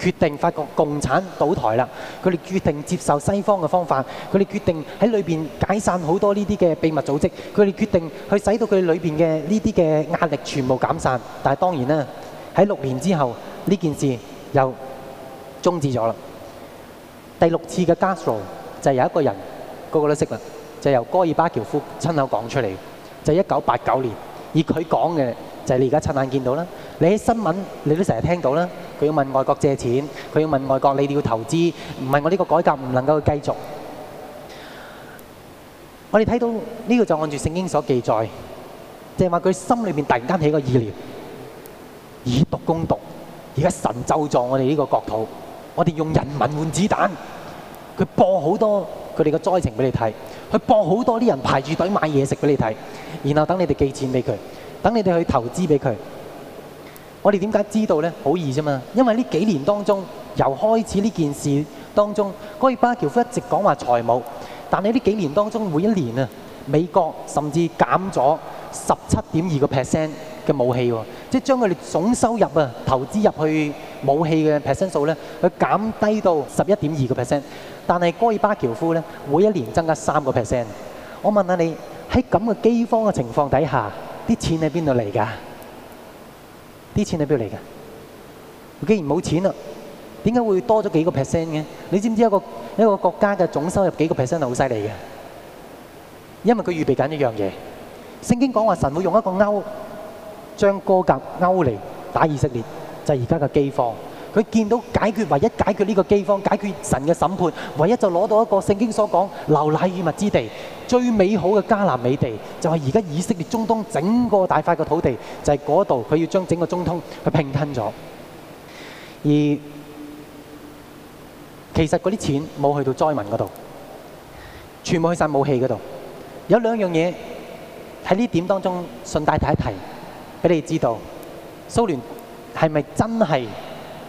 決定發覺共產倒台啦！佢哋決定接受西方嘅方法，佢哋決定喺裏邊解散好多呢啲嘅秘密組織，佢哋決定去使到佢裏邊嘅呢啲嘅壓力全部減散。但係當然啦，喺六年之後呢件事又終止咗啦。第六次嘅加 a 就係有一個人，個個都識啦，就由戈爾巴喬夫親口講出嚟，就係一九八九年，而佢講嘅就係你而家親眼見到啦，你喺新聞你都成日聽到啦。佢要問外國借錢，佢要問外國你哋要投資，唔係我呢個改革唔能夠繼續。我哋睇到呢個就按住聖經所記載，即係話佢心裏面突然間起個意念，以毒攻毒。而家神咒造我哋呢個國土，我哋用人民換子彈。佢播好多佢哋嘅災情俾你睇，佢播好多啲人排住隊買嘢食俾你睇，然後等你哋寄錢俾佢，等你哋去投資俾佢。我哋點解知道呢？好易啫嘛！因為呢幾年當中，由開始呢件事當中，戈爾巴喬夫一直講話財務。但係呢幾年當中，每一年啊，美國甚至減咗十七點二個 percent 嘅武器，即係將佢哋總收入啊投資入去武器嘅 percent 數呢，佢減低到十一點二個 percent。但係戈爾巴喬夫呢，每一年增加三個 percent。我問下你，喺咁嘅饑荒嘅情況底下是哪裡來的，啲錢喺邊度嚟㗎？啲錢喺邊嚟㗎？既然冇錢啦！點解會多咗幾個 percent 嘅？你知唔知道一個一個國家嘅總收入幾個 percent 係好犀利嘅？因為佢預備緊一樣嘢。聖經講話神會用一個勾將歌革勾嚟打以色列，就係而家嘅饑荒。佢見到解決，唯一解決呢個饑荒、解決神嘅審判，唯一就攞到一個聖經所講流奶與蜜之地最美好嘅迦南美地，就係而家以色列中東整個大塊嘅土地就係嗰度。佢要將整個中東去拼吞咗，而其實嗰啲錢冇去到災民嗰度，全部去晒武器嗰度。有兩樣嘢喺呢點當中順帶提一提俾你知道，蘇聯係咪真係？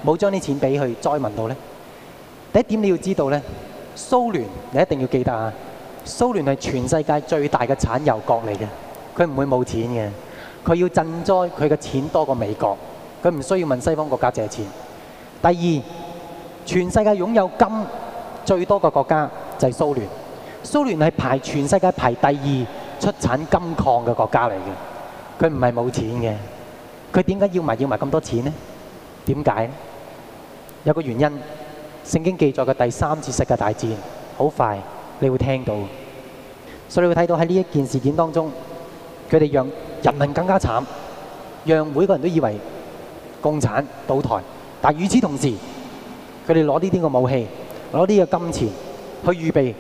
冇將啲錢俾佢災民度呢。第一點你要知道呢，蘇聯你一定要記得啊！蘇聯係全世界最大嘅產油國嚟嘅，佢唔會冇錢嘅。佢要賑災，佢嘅錢多過美國，佢唔需要問西方國家借錢。第二，全世界擁有金最多嘅國家就係蘇聯。蘇聯係排全世界排第二出產金礦嘅國家嚟嘅，佢唔係冇錢嘅。佢點解要埋要埋咁多錢呢？點解？有個原因，聖經記載嘅第三次世界大戰好快，你會聽到。所以你會睇到喺呢一件事件當中，佢哋讓人民更加慘，讓每個人都以為共產倒台。但係與此同時，佢哋攞呢啲嘅武器，攞呢個金錢去預備。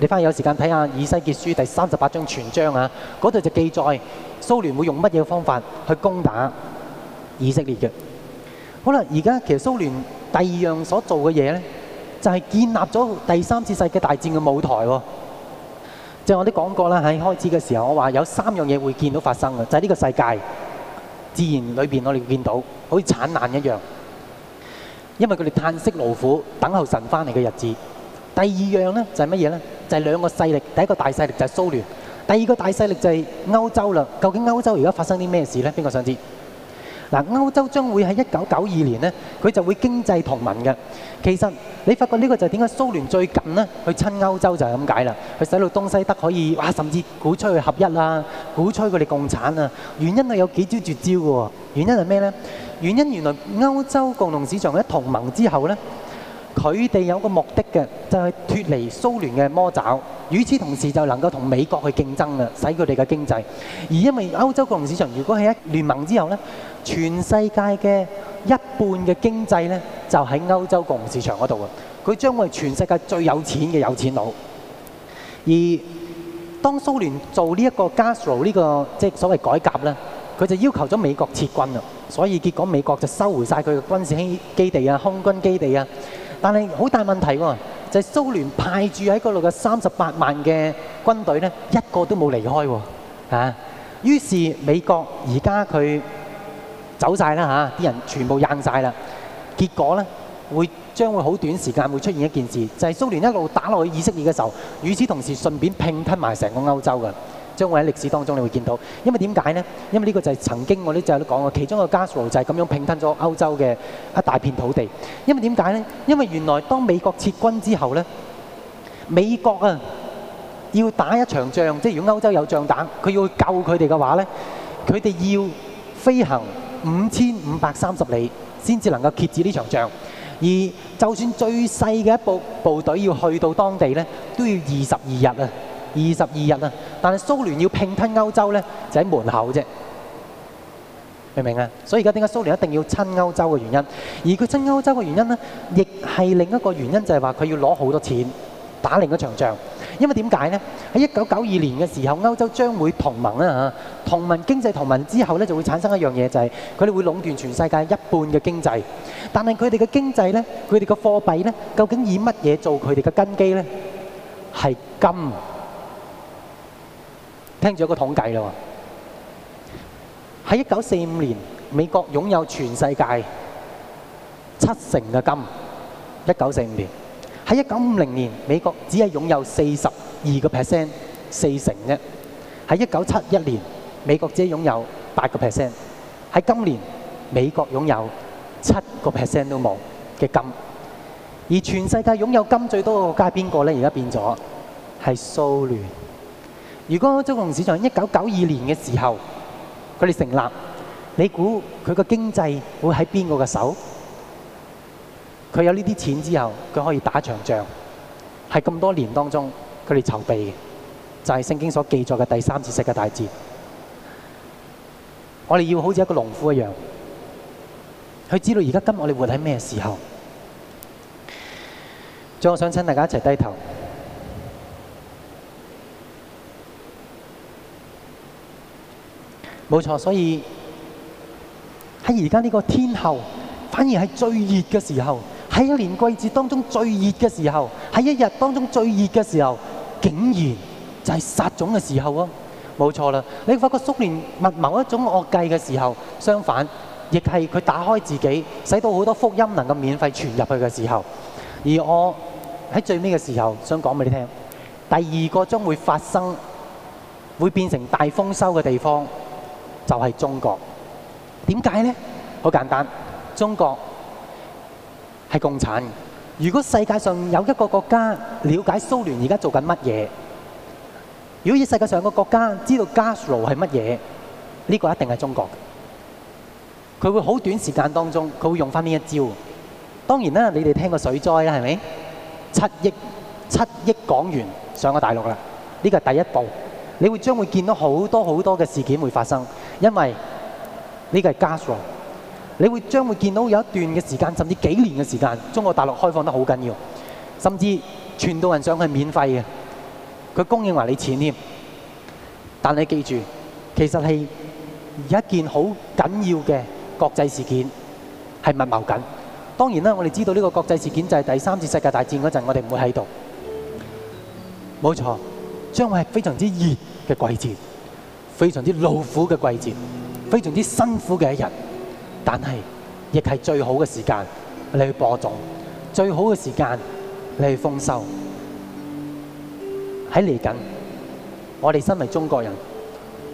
你翻去有時間睇下《以西結書》第三十八章全章啊，嗰度就記載蘇聯會用乜嘢方法去攻打以色列嘅。好啦，而家其實蘇聯第二樣所做嘅嘢咧，就係、是、建立咗第三次世界大戰嘅舞台喎、哦。就是、我啲講過啦，喺開始嘅時候，我話有三樣嘢會見到發生嘅，就係、是、呢個世界自然裏邊我哋見到，好似產難一樣。因為佢哋嘆息勞苦，等候神翻嚟嘅日子。第二樣咧就係乜嘢咧？就係、是就是、兩個勢力，第一個大勢力就係蘇聯，第二個大勢力就係歐洲啦。究竟歐洲而家發生啲咩事咧？邊個想知？嗱，歐洲將會喺一九九二年呢，佢就會經濟同盟嘅。其實你發覺呢個就點解蘇聯最近呢去親歐洲就係咁解啦，佢使到東西德可以哇，甚至鼓吹佢合一啦、啊，鼓吹佢哋共產啊。原因係有幾招絕招嘅喎。原因係咩呢？原因原來歐洲共同市場一同盟之後呢，佢哋有個目的嘅，就係、是、脫離蘇聯嘅魔爪。與此同時就能夠同美國去競爭啦，使佢哋嘅經濟。而因為歐洲共同市場如果係一聯盟之後呢。全世界嘅一半嘅經濟呢，就喺歐洲共同市場嗰度啊！佢將會係全世界最有錢嘅有錢佬。而當蘇聯做呢一個 Gastrol 呢個即係所謂改革呢，佢就要求咗美國撤軍啦。所以結果美國就收回晒佢嘅軍事基地啊、空軍基地啊。但係好大問題喎，就係、是、蘇聯派住喺嗰度嘅三十八萬嘅軍隊呢，一個都冇離開喎啊！於是美國而家佢。走晒啦吓，啲人全部硬晒啦。結果呢，會將會好短時間會出現一件事，就係蘇聯一路打落去以色列嘅時候，與此同時順便拼吞埋成個歐洲嘅，將會喺歷史當中你會見到。因為點解呢？因為呢個就係曾經我哋就係都講過，其中一個加索就係咁樣拼吞咗歐洲嘅一大片土地。因為點解呢？因為原來當美國撤軍之後呢，美國啊要打一場仗，即係如果歐洲有仗打，佢要去救佢哋嘅話呢，佢哋要飛行。五千五百三十里先至能夠揭止呢場仗，而就算最細嘅一部部隊要去到當地呢，都要二十二日啊，二十二日啊！但係蘇聯要拼吞歐洲呢，就喺門口啫，明唔明啊？所以而家點解蘇聯一定要親歐洲嘅原因，而佢親歐洲嘅原因呢，亦係另一個原因，就係話佢要攞好多錢打另一場仗。因為點解呢？喺一九九二年嘅時候，歐洲將會同盟啦嚇、啊，同盟經濟同盟之後咧，就會產生一樣嘢，就係佢哋會壟斷全世界一半嘅經濟。但係佢哋嘅經濟咧，佢哋嘅貨幣咧，究竟以乜嘢做佢哋嘅根基咧？係金。聽咗一個統計咯喎，喺一九四五年，美國擁有全世界七成嘅金。一九四五年。喺一九五零年，美國只係擁有四十二個 percent，四成啫。喺一九七一年，美國只係擁有八個 percent。喺今年，美國擁有七個 percent 都冇嘅金。而全世界擁有金最多嘅國家邊個咧？而家變咗係蘇聯。如果中國市場一九九二年嘅時候佢哋成立，你估佢個經濟會喺邊個嘅手？佢有呢啲錢之後，佢可以打一場仗。係咁多年當中，佢哋籌備嘅就係、是、聖經所記載嘅第三次世界大戰。我哋要好似一個農夫一樣，去知道而家今日我哋活喺咩時候。最後想請大家一齊低頭。冇錯，所以喺而家呢個天候，反而係最熱嘅時候。喺一年季節當中最熱嘅時候，喺一日當中最熱嘅時候，竟然就係撒種嘅時候啊！冇錯啦，你發覺蘇聯密謀一種惡計嘅時候，相反，亦係佢打開自己，使到好多福音能夠免費傳入去嘅時候。而我喺最尾嘅時候想講俾你聽，第二個將會發生，會變成大豐收嘅地方，就係中國。點解呢？好簡單，中國。係共產嘅。如果世界上有一個國家了解蘇聯而家做緊乜嘢，如果世界上個國家知道加紡係乜嘢，呢個一定係中國。佢會好短時間當中，佢會用翻呢一招。當然啦，你哋聽過水災啦，係咪？七億七億港元上個大陸啦，呢個係第一步。你會將會見到好多好多嘅事件會發生，因為呢個係加紡。你會將會見到有一段嘅時間，甚至幾年嘅時間，中國大陸開放得好緊要，甚至全島人上去免費嘅，佢供應埋你錢添。但你記住，其實係一件好緊要嘅國際事件，係密謀緊。當然啦，我哋知道呢個國際事件就係第三次世界大戰嗰陣，我哋唔會喺度。冇錯，將會係非常之熱嘅季節，非常之勞苦嘅季節，非常之辛苦嘅一日。但係，亦係最好嘅時間，你去播種；最好嘅時間，你去豐收。喺嚟緊，我哋身為中國人，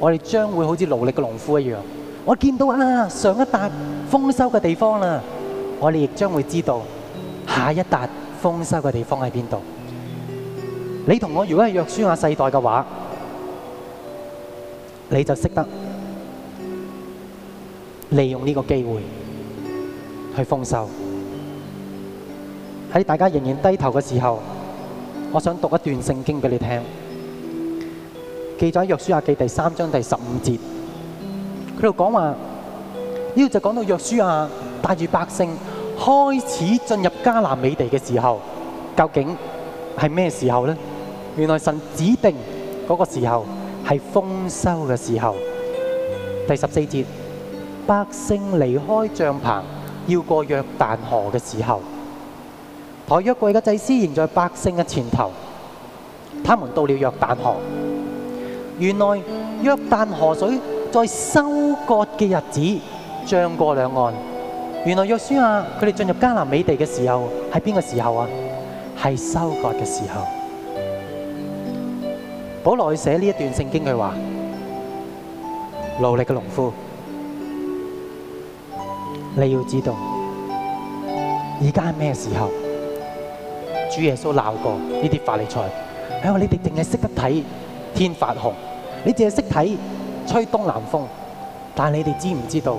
我哋將會好似勞力嘅農夫一樣。我見到啊，上一笪豐收嘅地方啦，我哋亦將會知道下一笪豐收嘅地方喺邊度。你同我如果係約書亞世代嘅話，你就識得。利用呢個機會去豐收。喺大家仍然低頭嘅時候，我想讀一段聖經俾你聽記。記載喺約書亞記第三章第十五節，佢度講話，呢度就講到約書亞帶住百姓開始進入迦南美地嘅時候，究竟係咩時候呢？原來神指定嗰個時候係豐收嘅時候。第十四節。百姓離開帳篷要過約旦河嘅時候，抬約櫃嘅祭司仍在百姓嘅前頭。他們到了約旦河，原來約旦河水在收割嘅日子漲過兩岸。原來約書亞佢哋進入迦南美地嘅時候係邊個時候啊？係收割嘅時候。保羅寫呢一段聖經佢話，勞力嘅農夫。你要知道，而家係咩時候？主耶穌鬧過呢啲法利賽，你哋淨係識得睇天發紅，你淨係識睇吹東南風，但你哋知唔知道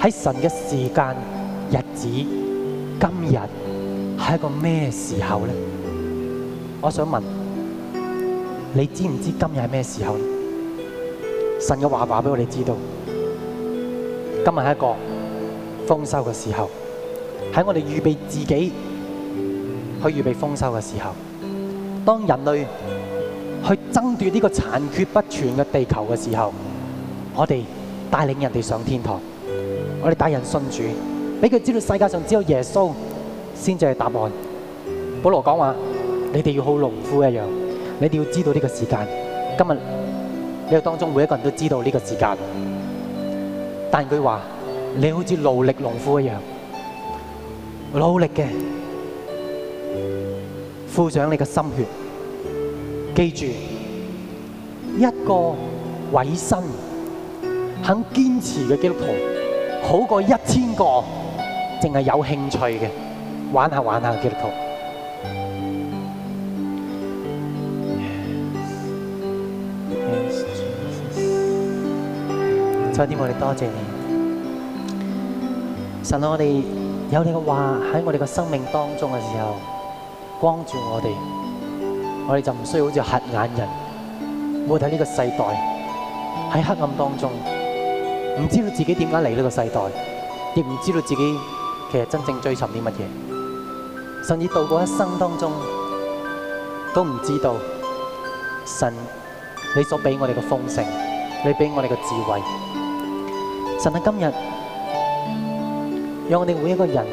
喺神嘅時間、日子、今日係一個咩時候呢？我想問你知唔知今日係咩時候？神嘅話話畀我哋知道。今日係一個豐收嘅時候，喺我哋預備自己，去預備豐收嘅時候。當人類去爭奪呢個殘缺不全嘅地球嘅時候，我哋帶領人哋上天堂。我哋帶人信主，俾佢知道世界上只有耶穌先至係答案。保羅講話：你哋要好似農夫一樣，你哋要知道呢個時間。今日呢個當中每一個人都知道呢個時間。但佢話：你好似勞力農夫一樣，努力嘅，付上你嘅心血。記住，一個委身、肯堅持嘅基督徒，好過一千個淨係有興趣嘅玩下玩下嘅基督徒。差啲我哋多謝你。神，我哋有你嘅話喺我哋嘅生命當中嘅時候，光住我哋，我哋就唔需要好似瞎眼人，冇睇呢個世代喺黑暗當中，唔知道自己點解嚟呢個世代，亦唔知道自己其實真正追尋啲乜嘢，甚至度過一生當中都唔知道神你所俾我哋嘅豐盛，你俾我哋嘅智慧。神喺今日，讓我哋每一個人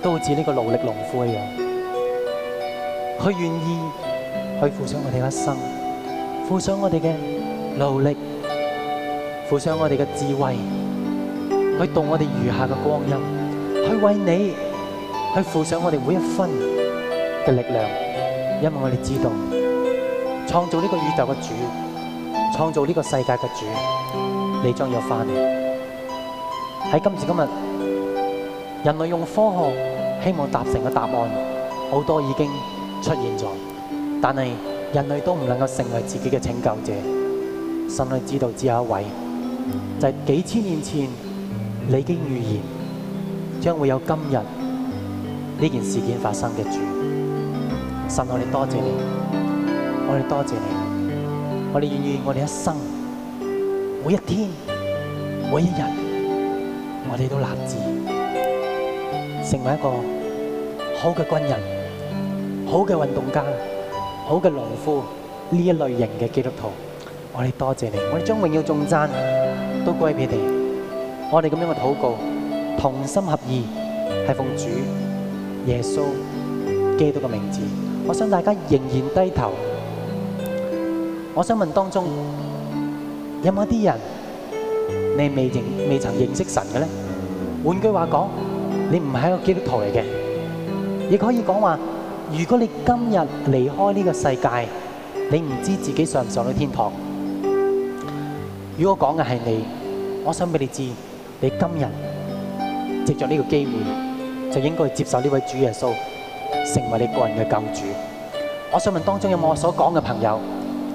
都好似呢個勞力農夫一樣，佢願意去付上我哋一生，付上我哋嘅勞力，付上我哋嘅智慧，去度我哋餘下嘅光陰，去為你，去付上我哋每一分嘅力量，因為我哋知道，創造呢個宇宙嘅主，創造呢個世界嘅主。你將要翻嚟，喺今時今日，人類用科學希望達成嘅答案，好多已經出現咗，但係人類都唔能夠成為自己嘅拯救者。神，你知道只有一位，就係幾千年前你已經預言將會有今日呢件事件發生嘅主。神，我哋多謝你，我哋多謝你，我哋願意我哋一生。每一天，每一日，我哋都立志成為一個好嘅軍人、好嘅運動家、好嘅農夫呢一類型嘅基督徒。我哋多謝你，我哋將榮耀頌讚都歸俾你。我哋咁樣嘅禱告，同心合意，係奉主耶穌基督嘅名字。我想大家仍然低頭。我想問當中。有冇啲人你未認未曾認識神嘅咧？換句話講，你唔係一個基督徒嚟嘅，亦可以講話。如果你今日離開呢個世界，你唔知自己上唔上到天堂。如果講嘅係你，我想俾你知，你今日藉着呢個機會，就應該接受呢位主耶穌，成為你個人嘅救主。我想問當中有冇我所講嘅朋友？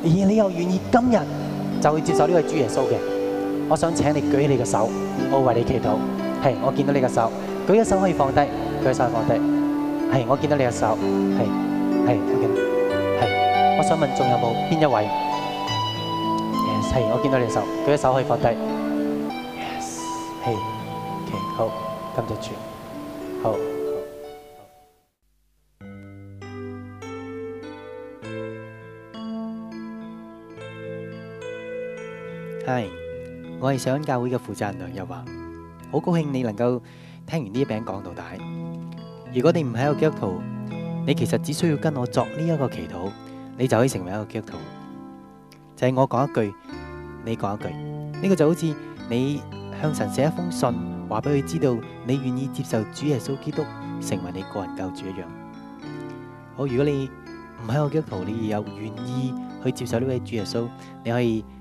而你又願意今日？就會接受呢位主耶穌嘅。我想請你舉起你嘅手，我為你祈禱。係，我見到你嘅手，舉一手可以放低，舉一手放低。係，我見到你嘅手，係，係，我見到，係。我想問，仲有冇邊一位？係，我見到你嘅手，舉一手可以放低。Yes，係，好，今日主，好。我係上恩教會嘅負責人梁日華，好高興你能夠聽完呢一餅講到大。如果你唔係一個基督徒，你其實只需要跟我作呢一個祈禱，你就可以成為一個基督徒。就係我講一句，你講一句，呢個就好似你向神寫一封信，話俾佢知道你願意接受主耶穌基督成為你個人救主一樣。好，如果你唔係一個基督徒，你又願意去接受呢位主耶穌，你可以。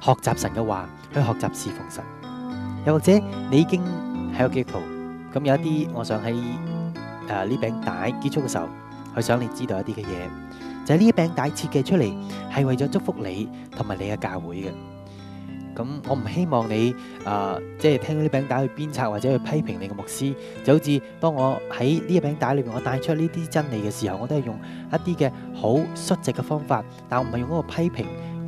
學習神嘅話，去學習侍奉神。又或者你已經喺個教會，咁有一啲，我想喺誒呢餅帶結束嘅時候，去想你知道一啲嘅嘢，就係呢一餅帶設計出嚟係為咗祝福你同埋你嘅教會嘅。咁我唔希望你誒即係聽到呢餅帶去鞭策或者去批評你嘅牧師，就好似當我喺呢一餅帶裏邊，我帶出呢啲真理嘅時候，我都係用一啲嘅好率直嘅方法，但係我唔係用嗰個批評。